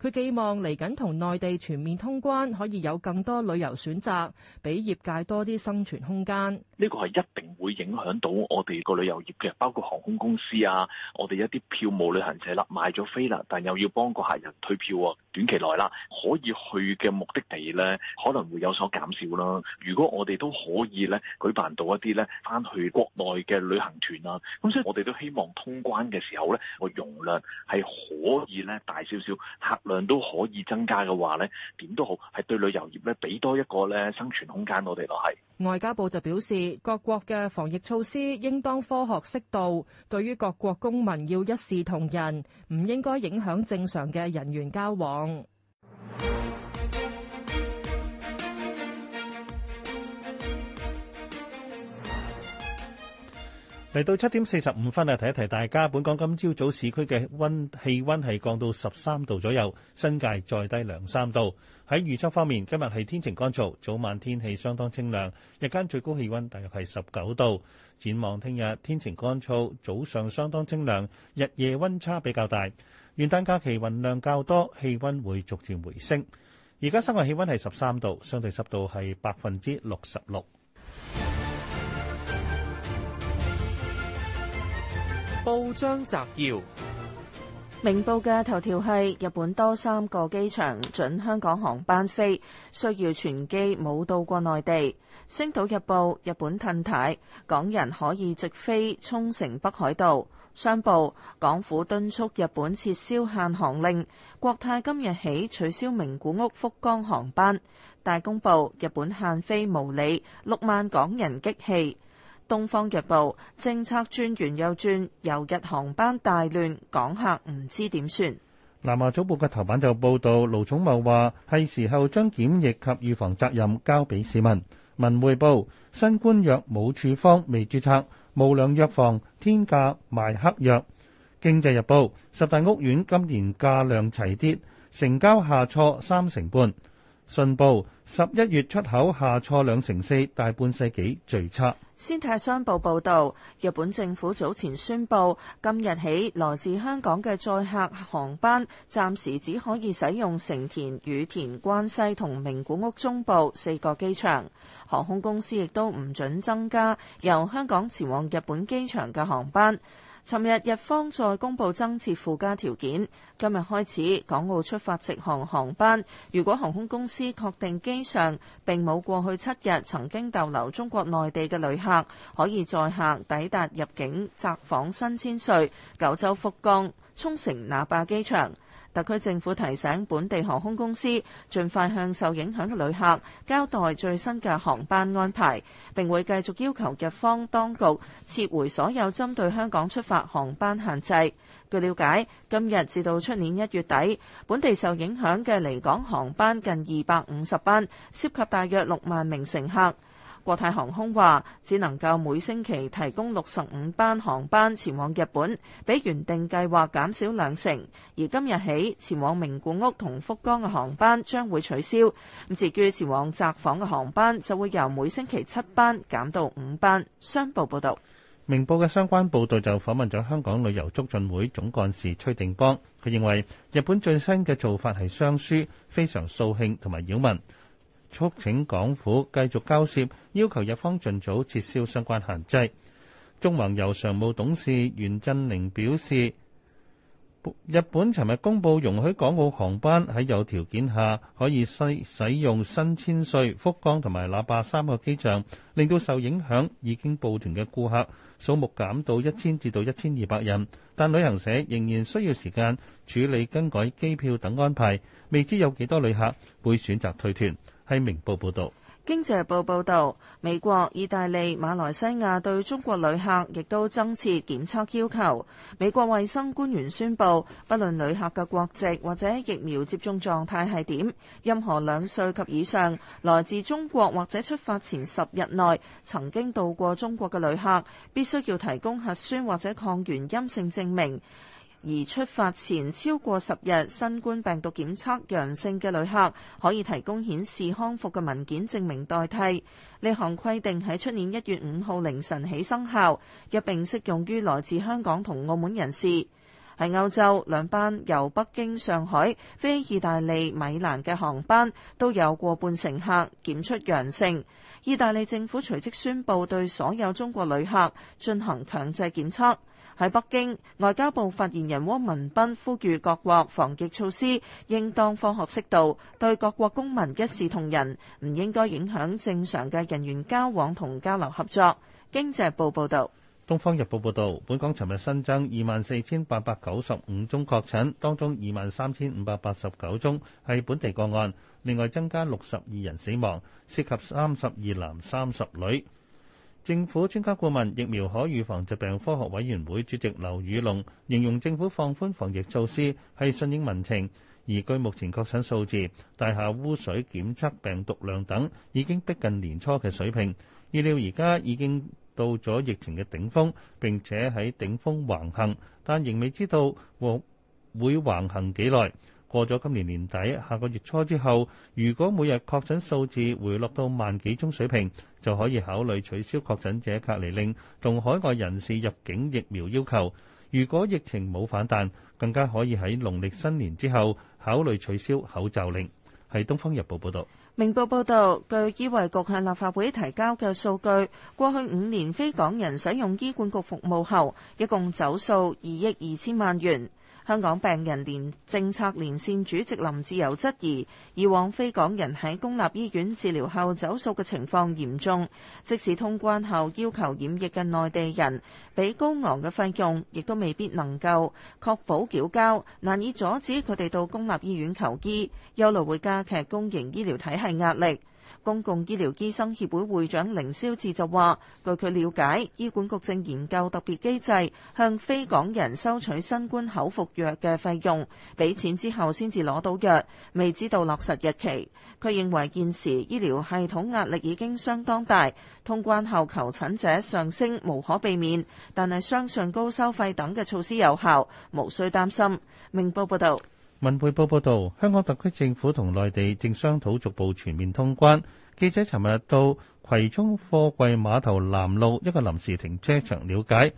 佢寄望嚟緊同內地全面通關，可以有更多旅遊選擇，俾業界多啲生存空間。呢個係一定會影響到我哋個旅遊業嘅，包括航空公司啊，我哋一啲票務旅行社啦，買咗飛啦，但又要幫個客人退票啊。.短期內啦，可以去嘅目的地呢可能會有所減少啦。如果我哋都可以呢舉辦到一啲呢翻去國內嘅旅行團啦，啊，咁所以我哋都希望通關嘅時候呢，個容量係可以呢大少少，客量都可以增加嘅話呢，點都好，係對旅遊業呢俾多一個呢生存空間，我、就是，我哋都係。外交部就表示，各國嘅防疫措施應當科學適度，對於各國公民要一視同仁，唔應該影響正常嘅人員交往。嚟到七點四十五分啊，提一提大家。本港今朝早市區嘅溫氣溫係降到十三度左右，新界再低兩三度。喺預測方面，今日係天晴乾燥，早晚天氣相當清涼，日間最高氣溫大約係十九度。展望聽日，天晴乾燥，早上相當清涼，日夜溫差比較大。元旦假期雲量較多，氣温會逐漸回升。而家室外氣溫係十三度，相對濕度係百分之六十六。報章摘要，明報嘅頭條係日本多三個機場準香港航班飛，需要全機冇到過內地。星島日報，日本褪軚，港人可以直飛沖繩北海道。商報：港府敦促日本撤銷限航令，國泰今日起取消名古屋福岡航班。大公報：日本限飛無理，六萬港人激氣。東方日報：政策轉完又轉，由日航班大亂，港客唔知點算。南華早報嘅頭版就報道，盧寵茂話係時候將檢疫及預防責任交俾市民。文匯報：新冠藥冇處方未註冊。無良藥房天價賣黑藥，《經濟日報》十大屋苑今年價量齊跌，成交下挫三成半。信報十一月出口下挫兩成四，大半世紀最差。《先泰商報》報道，日本政府早前宣布，今日起來自香港嘅載客航班暫時只可以使用成田、羽田、關西同名古屋中部四個機場。航空公司亦都唔準增加由香港前往日本機場嘅航班。尋日日方再公布增設附加條件，今日開始港澳出發直航航班，如果航空公司確定機上並冇過去七日曾經逗留中國內地嘅旅客，可以載客抵達入境札幌、新千歲、九州福岡、沖繩那霸機場。特區政府提醒本地航空公司，盡快向受影響嘅旅客交代最新嘅航班安排。並會繼續要求日方當局撤回所有針對香港出發航班限制。據了解，今日至到出年一月底，本地受影響嘅離港航班近二百五十班，涉及大約六萬名乘客。國泰航空話，只能夠每星期提供六十五班航班前往日本，比原定計劃減少兩成。而今日起，前往名古屋同福岡嘅航班將會取消。咁至於前往札幌嘅航班，就會由每星期七班減到五班。商報報道，明報嘅相關報道就訪問咗香港旅遊促進會總幹事崔定邦，佢認為日本最新嘅做法係雙輸，非常掃興同埋擾民。促請港府繼續交涉，要求日方盡早撤銷相關限制。中航由常務董事袁振寧表示，日本尋日公布容許港澳航班喺有條件下可以使使用新千歲、福岡同埋那霸三個機場，令到受影響已經報團嘅顧客數目減到一千至到一千二百人，但旅行社仍然需要時間處理更改機票等安排，未知有幾多旅客會選擇退團。《明報》報導，《經濟報》報道：美國、意大利、馬來西亞對中國旅客亦都增設檢測要求。美國衛生官員宣布，不論旅客嘅國籍或者疫苗接種狀態係點，任何兩歲及以上來自中國或者出發前十日內曾經到過中國嘅旅客，必須要提供核酸或者抗原陰性證明。而出發前超過十日新冠病毒檢測陽性嘅旅客，可以提供顯示康復嘅文件證明代替。呢項規定喺出年一月五號凌晨起生效，一併適用於來自香港同澳門人士。喺歐洲，兩班由北京上海飛意大利米蘭嘅航班都有過半乘客檢出陽性。意大利政府隨即宣布對所有中國旅客進行強制檢測。喺北京，外交部發言人汪文斌呼籲各國防疫措施應當科學適度，對各國公民一視同仁，唔應該影響正常嘅人員交往同交流合作。經濟報報道，《東方日報》報道，本港尋日新增二萬四千八百九十五宗確診，當中二萬三千五百八十九宗係本地個案，另外增加六十二人死亡，涉及三十二男三十女。政府專家顧問、疫苗可預防疾病科學委員會主席劉宇龍形容政府放寬防疫措施係順應民情，而據目前確診數字、大廈污水檢測病毒量等已經逼近年初嘅水平，預料而家已經到咗疫情嘅頂峰，並且喺頂峰橫行，但仍未知道會會橫行幾耐。過咗今年年底下個月初之後，如果每日確診數字回落到萬幾宗水平，就可以考慮取消確診者隔離令同海外人士入境疫苗要求。如果疫情冇反彈，更加可以喺農曆新年之後考慮取消口罩令。係《東方日報》報道。明報報道，據醫衛局向立法會提交嘅數據，過去五年非港人使用醫管局服務後，一共走數二億二千萬元。香港病人連政策連線主席林志友質疑，以往非港人喺公立醫院治療後走數嘅情況嚴重，即使通關後要求染疫嘅內地人，畀高昂嘅費用，亦都未必能夠確保繳交，難以阻止佢哋到公立醫院求醫，憂慮會加劇公營醫療體系壓力。公共醫療醫生協會會長凌霄智就話：據佢了解，醫管局正研究特別機制，向非港人收取新冠口服藥嘅費用，畀錢之後先至攞到藥，未知道落實日期。佢認為現時醫療系統壓力已經相當大，通關後求診者上升無可避免，但係相信高收費等嘅措施有效，無需擔心。明報報道。文匯報報道，香港特區政府同內地正商討逐步全面通關。記者尋日到葵涌貨櫃碼頭南路一個臨時停車場了解，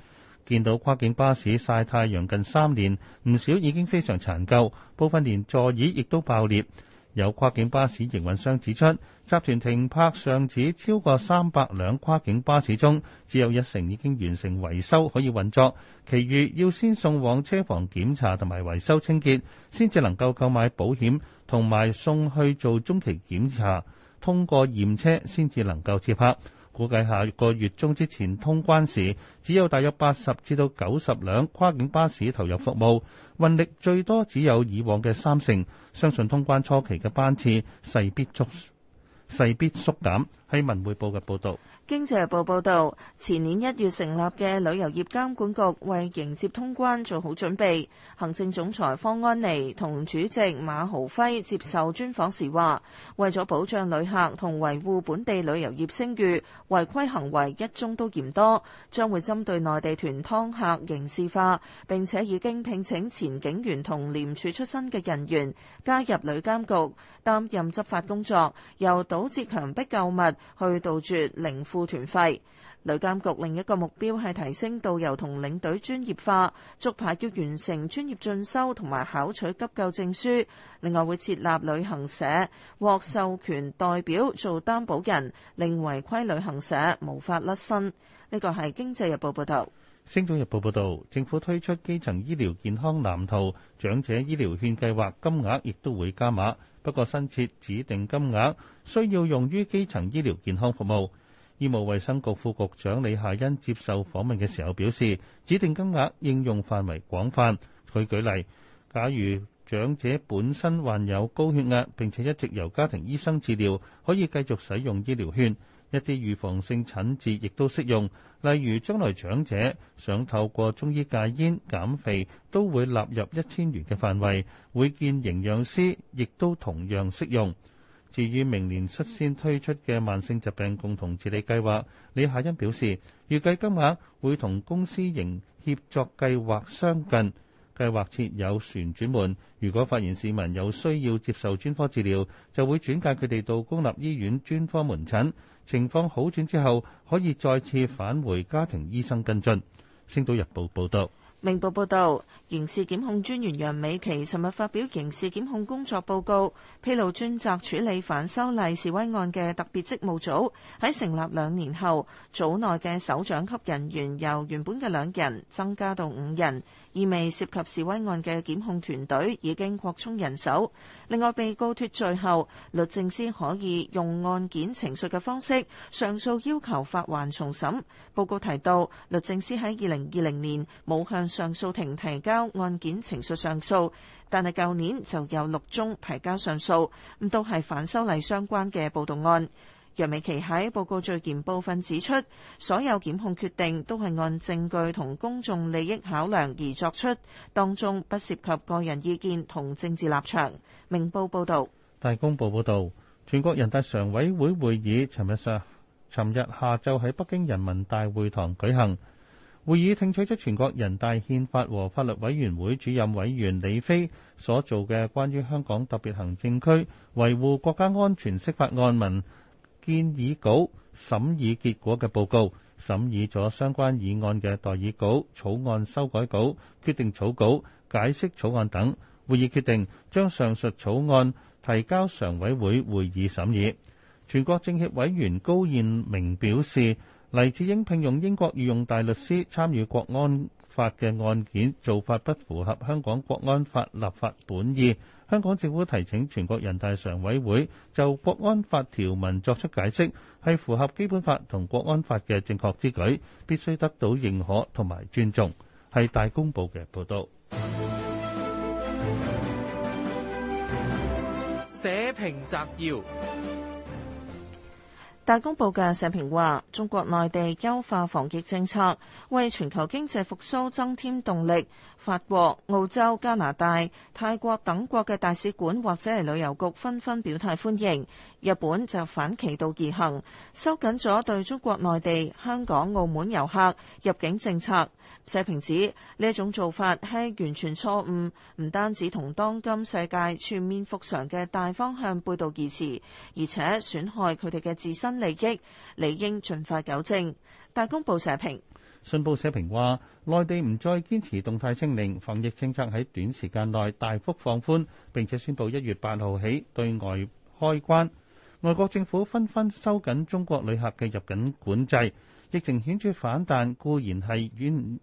見到跨境巴士曬太陽近三年，唔少已經非常殘舊，部分連座椅亦都爆裂。有跨境巴士營運商指出，集團停泊上址超過三百輛跨境巴士中，只有一成已經完成維修可以運作，其餘要先送往車房檢查同埋維修清潔，先至能夠購買保險同埋送去做中期檢查，通過驗車先至能夠接客。估計下個月中之前通關時，只有大約八十至到九十輛跨境巴士投入服務。運力最多只有以往嘅三成，相信通關初期嘅班次勢必足。勢必縮減。係文匯報嘅報導，《經濟日報》報導，前年一月成立嘅旅遊業監管局為迎接通關做好準備。行政總裁方安妮同主席馬豪輝接受專訪時話，為咗保障旅客同維護本地旅遊業聲譽，違規行為一宗都嫌多，將會針對內地團劏客刑事化。並且已經聘請前警員同廉署出身嘅人員加入旅監局擔任執法工作，由島。鼓勵強迫購物，去杜絕零負團費。旅監局另一個目標係提升導遊同領隊專業化，續牌要完成專業進修同埋考取急救證書。另外會設立旅行社獲授權代表做擔保人，令違規旅行社無法甩身。呢個係《經濟日報》報道，《星島日報》報道，政府推出基層醫療健康藍圖，長者醫療券計劃金額亦都會加碼。不過，新設指定金額需要用於基層醫療健康服務。醫務衛生局副局長李夏欣接受訪問嘅時候表示，指定金額應用範圍廣泛。佢舉例，假如長者本身患有高血壓，並且一直由家庭醫生治療，可以繼續使用醫療券。一啲預防性診治亦都適用，例如將來長者想透過中醫戒煙減肥，都會納入一千元嘅範圍。會見營養師亦都同樣適用。至於明年率先推出嘅慢性疾病共同治理計劃，李夏茵表示，預計金額會同公私營協作計劃相近。計劃設有旋轉門，如果發現市民有需要接受專科治療，就會轉介佢哋到公立醫院專科門診。情況好轉之後，可以再次返回家庭醫生跟進。星島日報報道。明報報道，刑事檢控專員楊美琪尋日發表刑事檢控工作報告，披露專責處理反修例示威案嘅特別職務組喺成立兩年後，組內嘅首長級人員由原本嘅兩人增加到五人，意味涉及示威案嘅檢控團隊已經擴充人手。另外，被告脫罪後，律政司可以用案件程序嘅方式上訴要求發還重審。報告提到，律政司喺二零二零年冇向上訴庭提交案件程序上訴，但係舊年就有六宗提交上訴，咁都係反修例相關嘅暴動案。楊美琪喺報告最嚴部分指出，所有檢控決定都係按證據同公眾利益考量而作出，當中不涉及個人意見同政治立場。明報報道，大公報報道，全國人大常委會會議尋日上，尋日下晝喺北京人民大會堂舉行。會議聽取咗全國人大憲法和法律委員會主任委員李飛所做嘅關於香港特別行政區維護國家安全釋法案文建議稿審議結果嘅報告，審議咗相關議案嘅代議稿、草案修改稿、決定草稿、解釋草案等。會議決定將上述草案提交常委會會議審議。全國政協委員高燕明表示。黎智英聘用英國御用大律師參與國安法嘅案件做法不符合香港國安法立法本意，香港政府提請全國人大常委會就國安法條文作出解釋，係符合基本法同國安法嘅正確之舉，必須得到認可同埋尊重。係大公報嘅報道。社評摘要。大公報嘅社評話：中國內地優化防疫政策，為全球經濟復甦增添動力。法國、澳洲、加拿大、泰國等國嘅大使館或者係旅遊局紛紛表態歡迎。日本就反其道而行，收緊咗對中國內地、香港、澳門遊客入境政策。社評指呢一種做法係完全錯誤，唔單止同當今世界全面復常嘅大方向背道而馳，而且損害佢哋嘅自身利益，理應盡快糾正。大公報社評。信報社評話，內地唔再堅持動態清零防疫政策，喺短時間內大幅放寬，並且宣布一月八號起對外開關，外國政府紛紛收緊中國旅客嘅入境管制，疫情顯著反彈固然係遠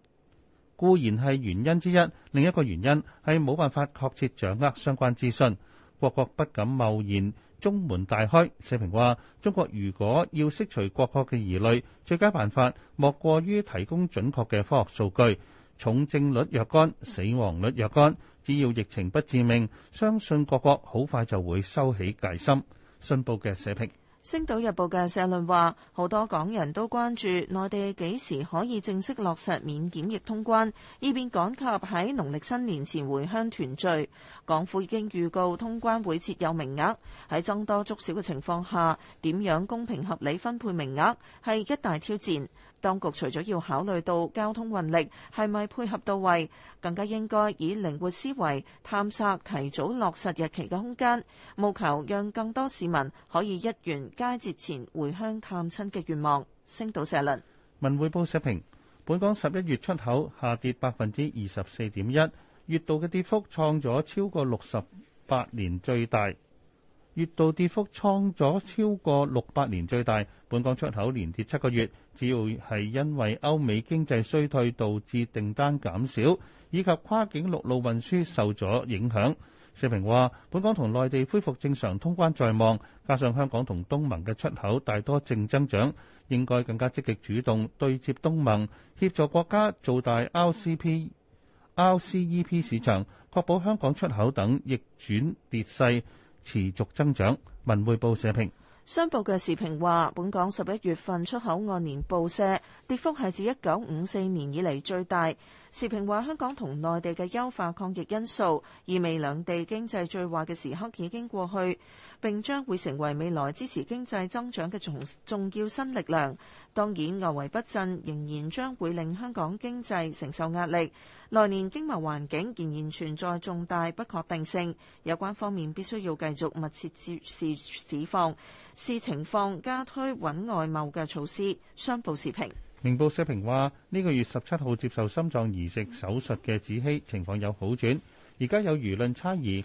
固然係原因之一，另一個原因係冇辦法確切掌握相關資訊，各國不敢貿然中門大開。社評話：中國如果要釋除各國嘅疑慮，最佳辦法莫過於提供準確嘅科學數據，重症率若干，死亡率若干，只要疫情不致命，相信各國好快就會收起戒心。信報嘅社評。《星島日報》嘅社論話，好多港人都關注內地幾時可以正式落實免檢疫通關，以便趕及喺農曆新年前回鄉團聚。港府已經預告通關會設有名額，喺僧多粥少嘅情況下，點樣公平合理分配名額係一大挑戰。當局除咗要考慮到交通運力係咪配合到位，更加應該以靈活思維探索提早落實日期嘅空間，務求讓更多市民可以一圓佳節前回鄉探親嘅願望。星島社論，文匯報社評：本港十一月出口下跌百分之二十四點一，月度嘅跌幅創咗超過六十八年最大。月度跌幅創咗超過六百年最大，本港出口連跌七個月，主要係因為歐美經濟衰退導致訂單減少，以及跨境陸路運輸受咗影響。社評話，本港同內地恢復正常通關在望，加上香港同東盟嘅出口大多正增長，應該更加積極主動對接東盟，協助國家做大 R C P R C E P 市場，確保香港出口等逆轉跌勢，持續增長。文匯報社評。商報嘅時評話，本港十一月份出口按年暴瀉，跌幅係自一九五四年以嚟最大。時評話，香港同內地嘅優化抗疫因素，意味兩地經濟最壞嘅時刻已經過去。並將會成為未來支持經濟增長嘅重重要新力量。當然，外圍不振仍然將會令香港經濟承受壓力。來年經貿環境仍然存在重大不確定性，有關方面必須要繼續密切注視市況，視情況加推穩外貿嘅措施。商報時評，明報社評話：呢、呢個月十七號接受心臟移植手術嘅子希情況有好轉，而家有輿論差異。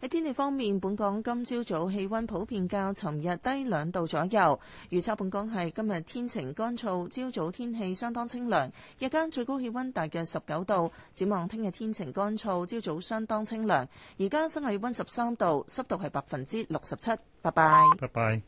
喺天氣方面，本港今朝早氣溫普遍較尋日低兩度左右。預測本港係今日天晴乾燥，朝早天氣相當清涼，日間最高氣溫大約十九度。展望聽日天晴乾燥，朝早相當清涼。而家室內氣溫十三度，濕度係百分之六十七。拜拜。拜拜。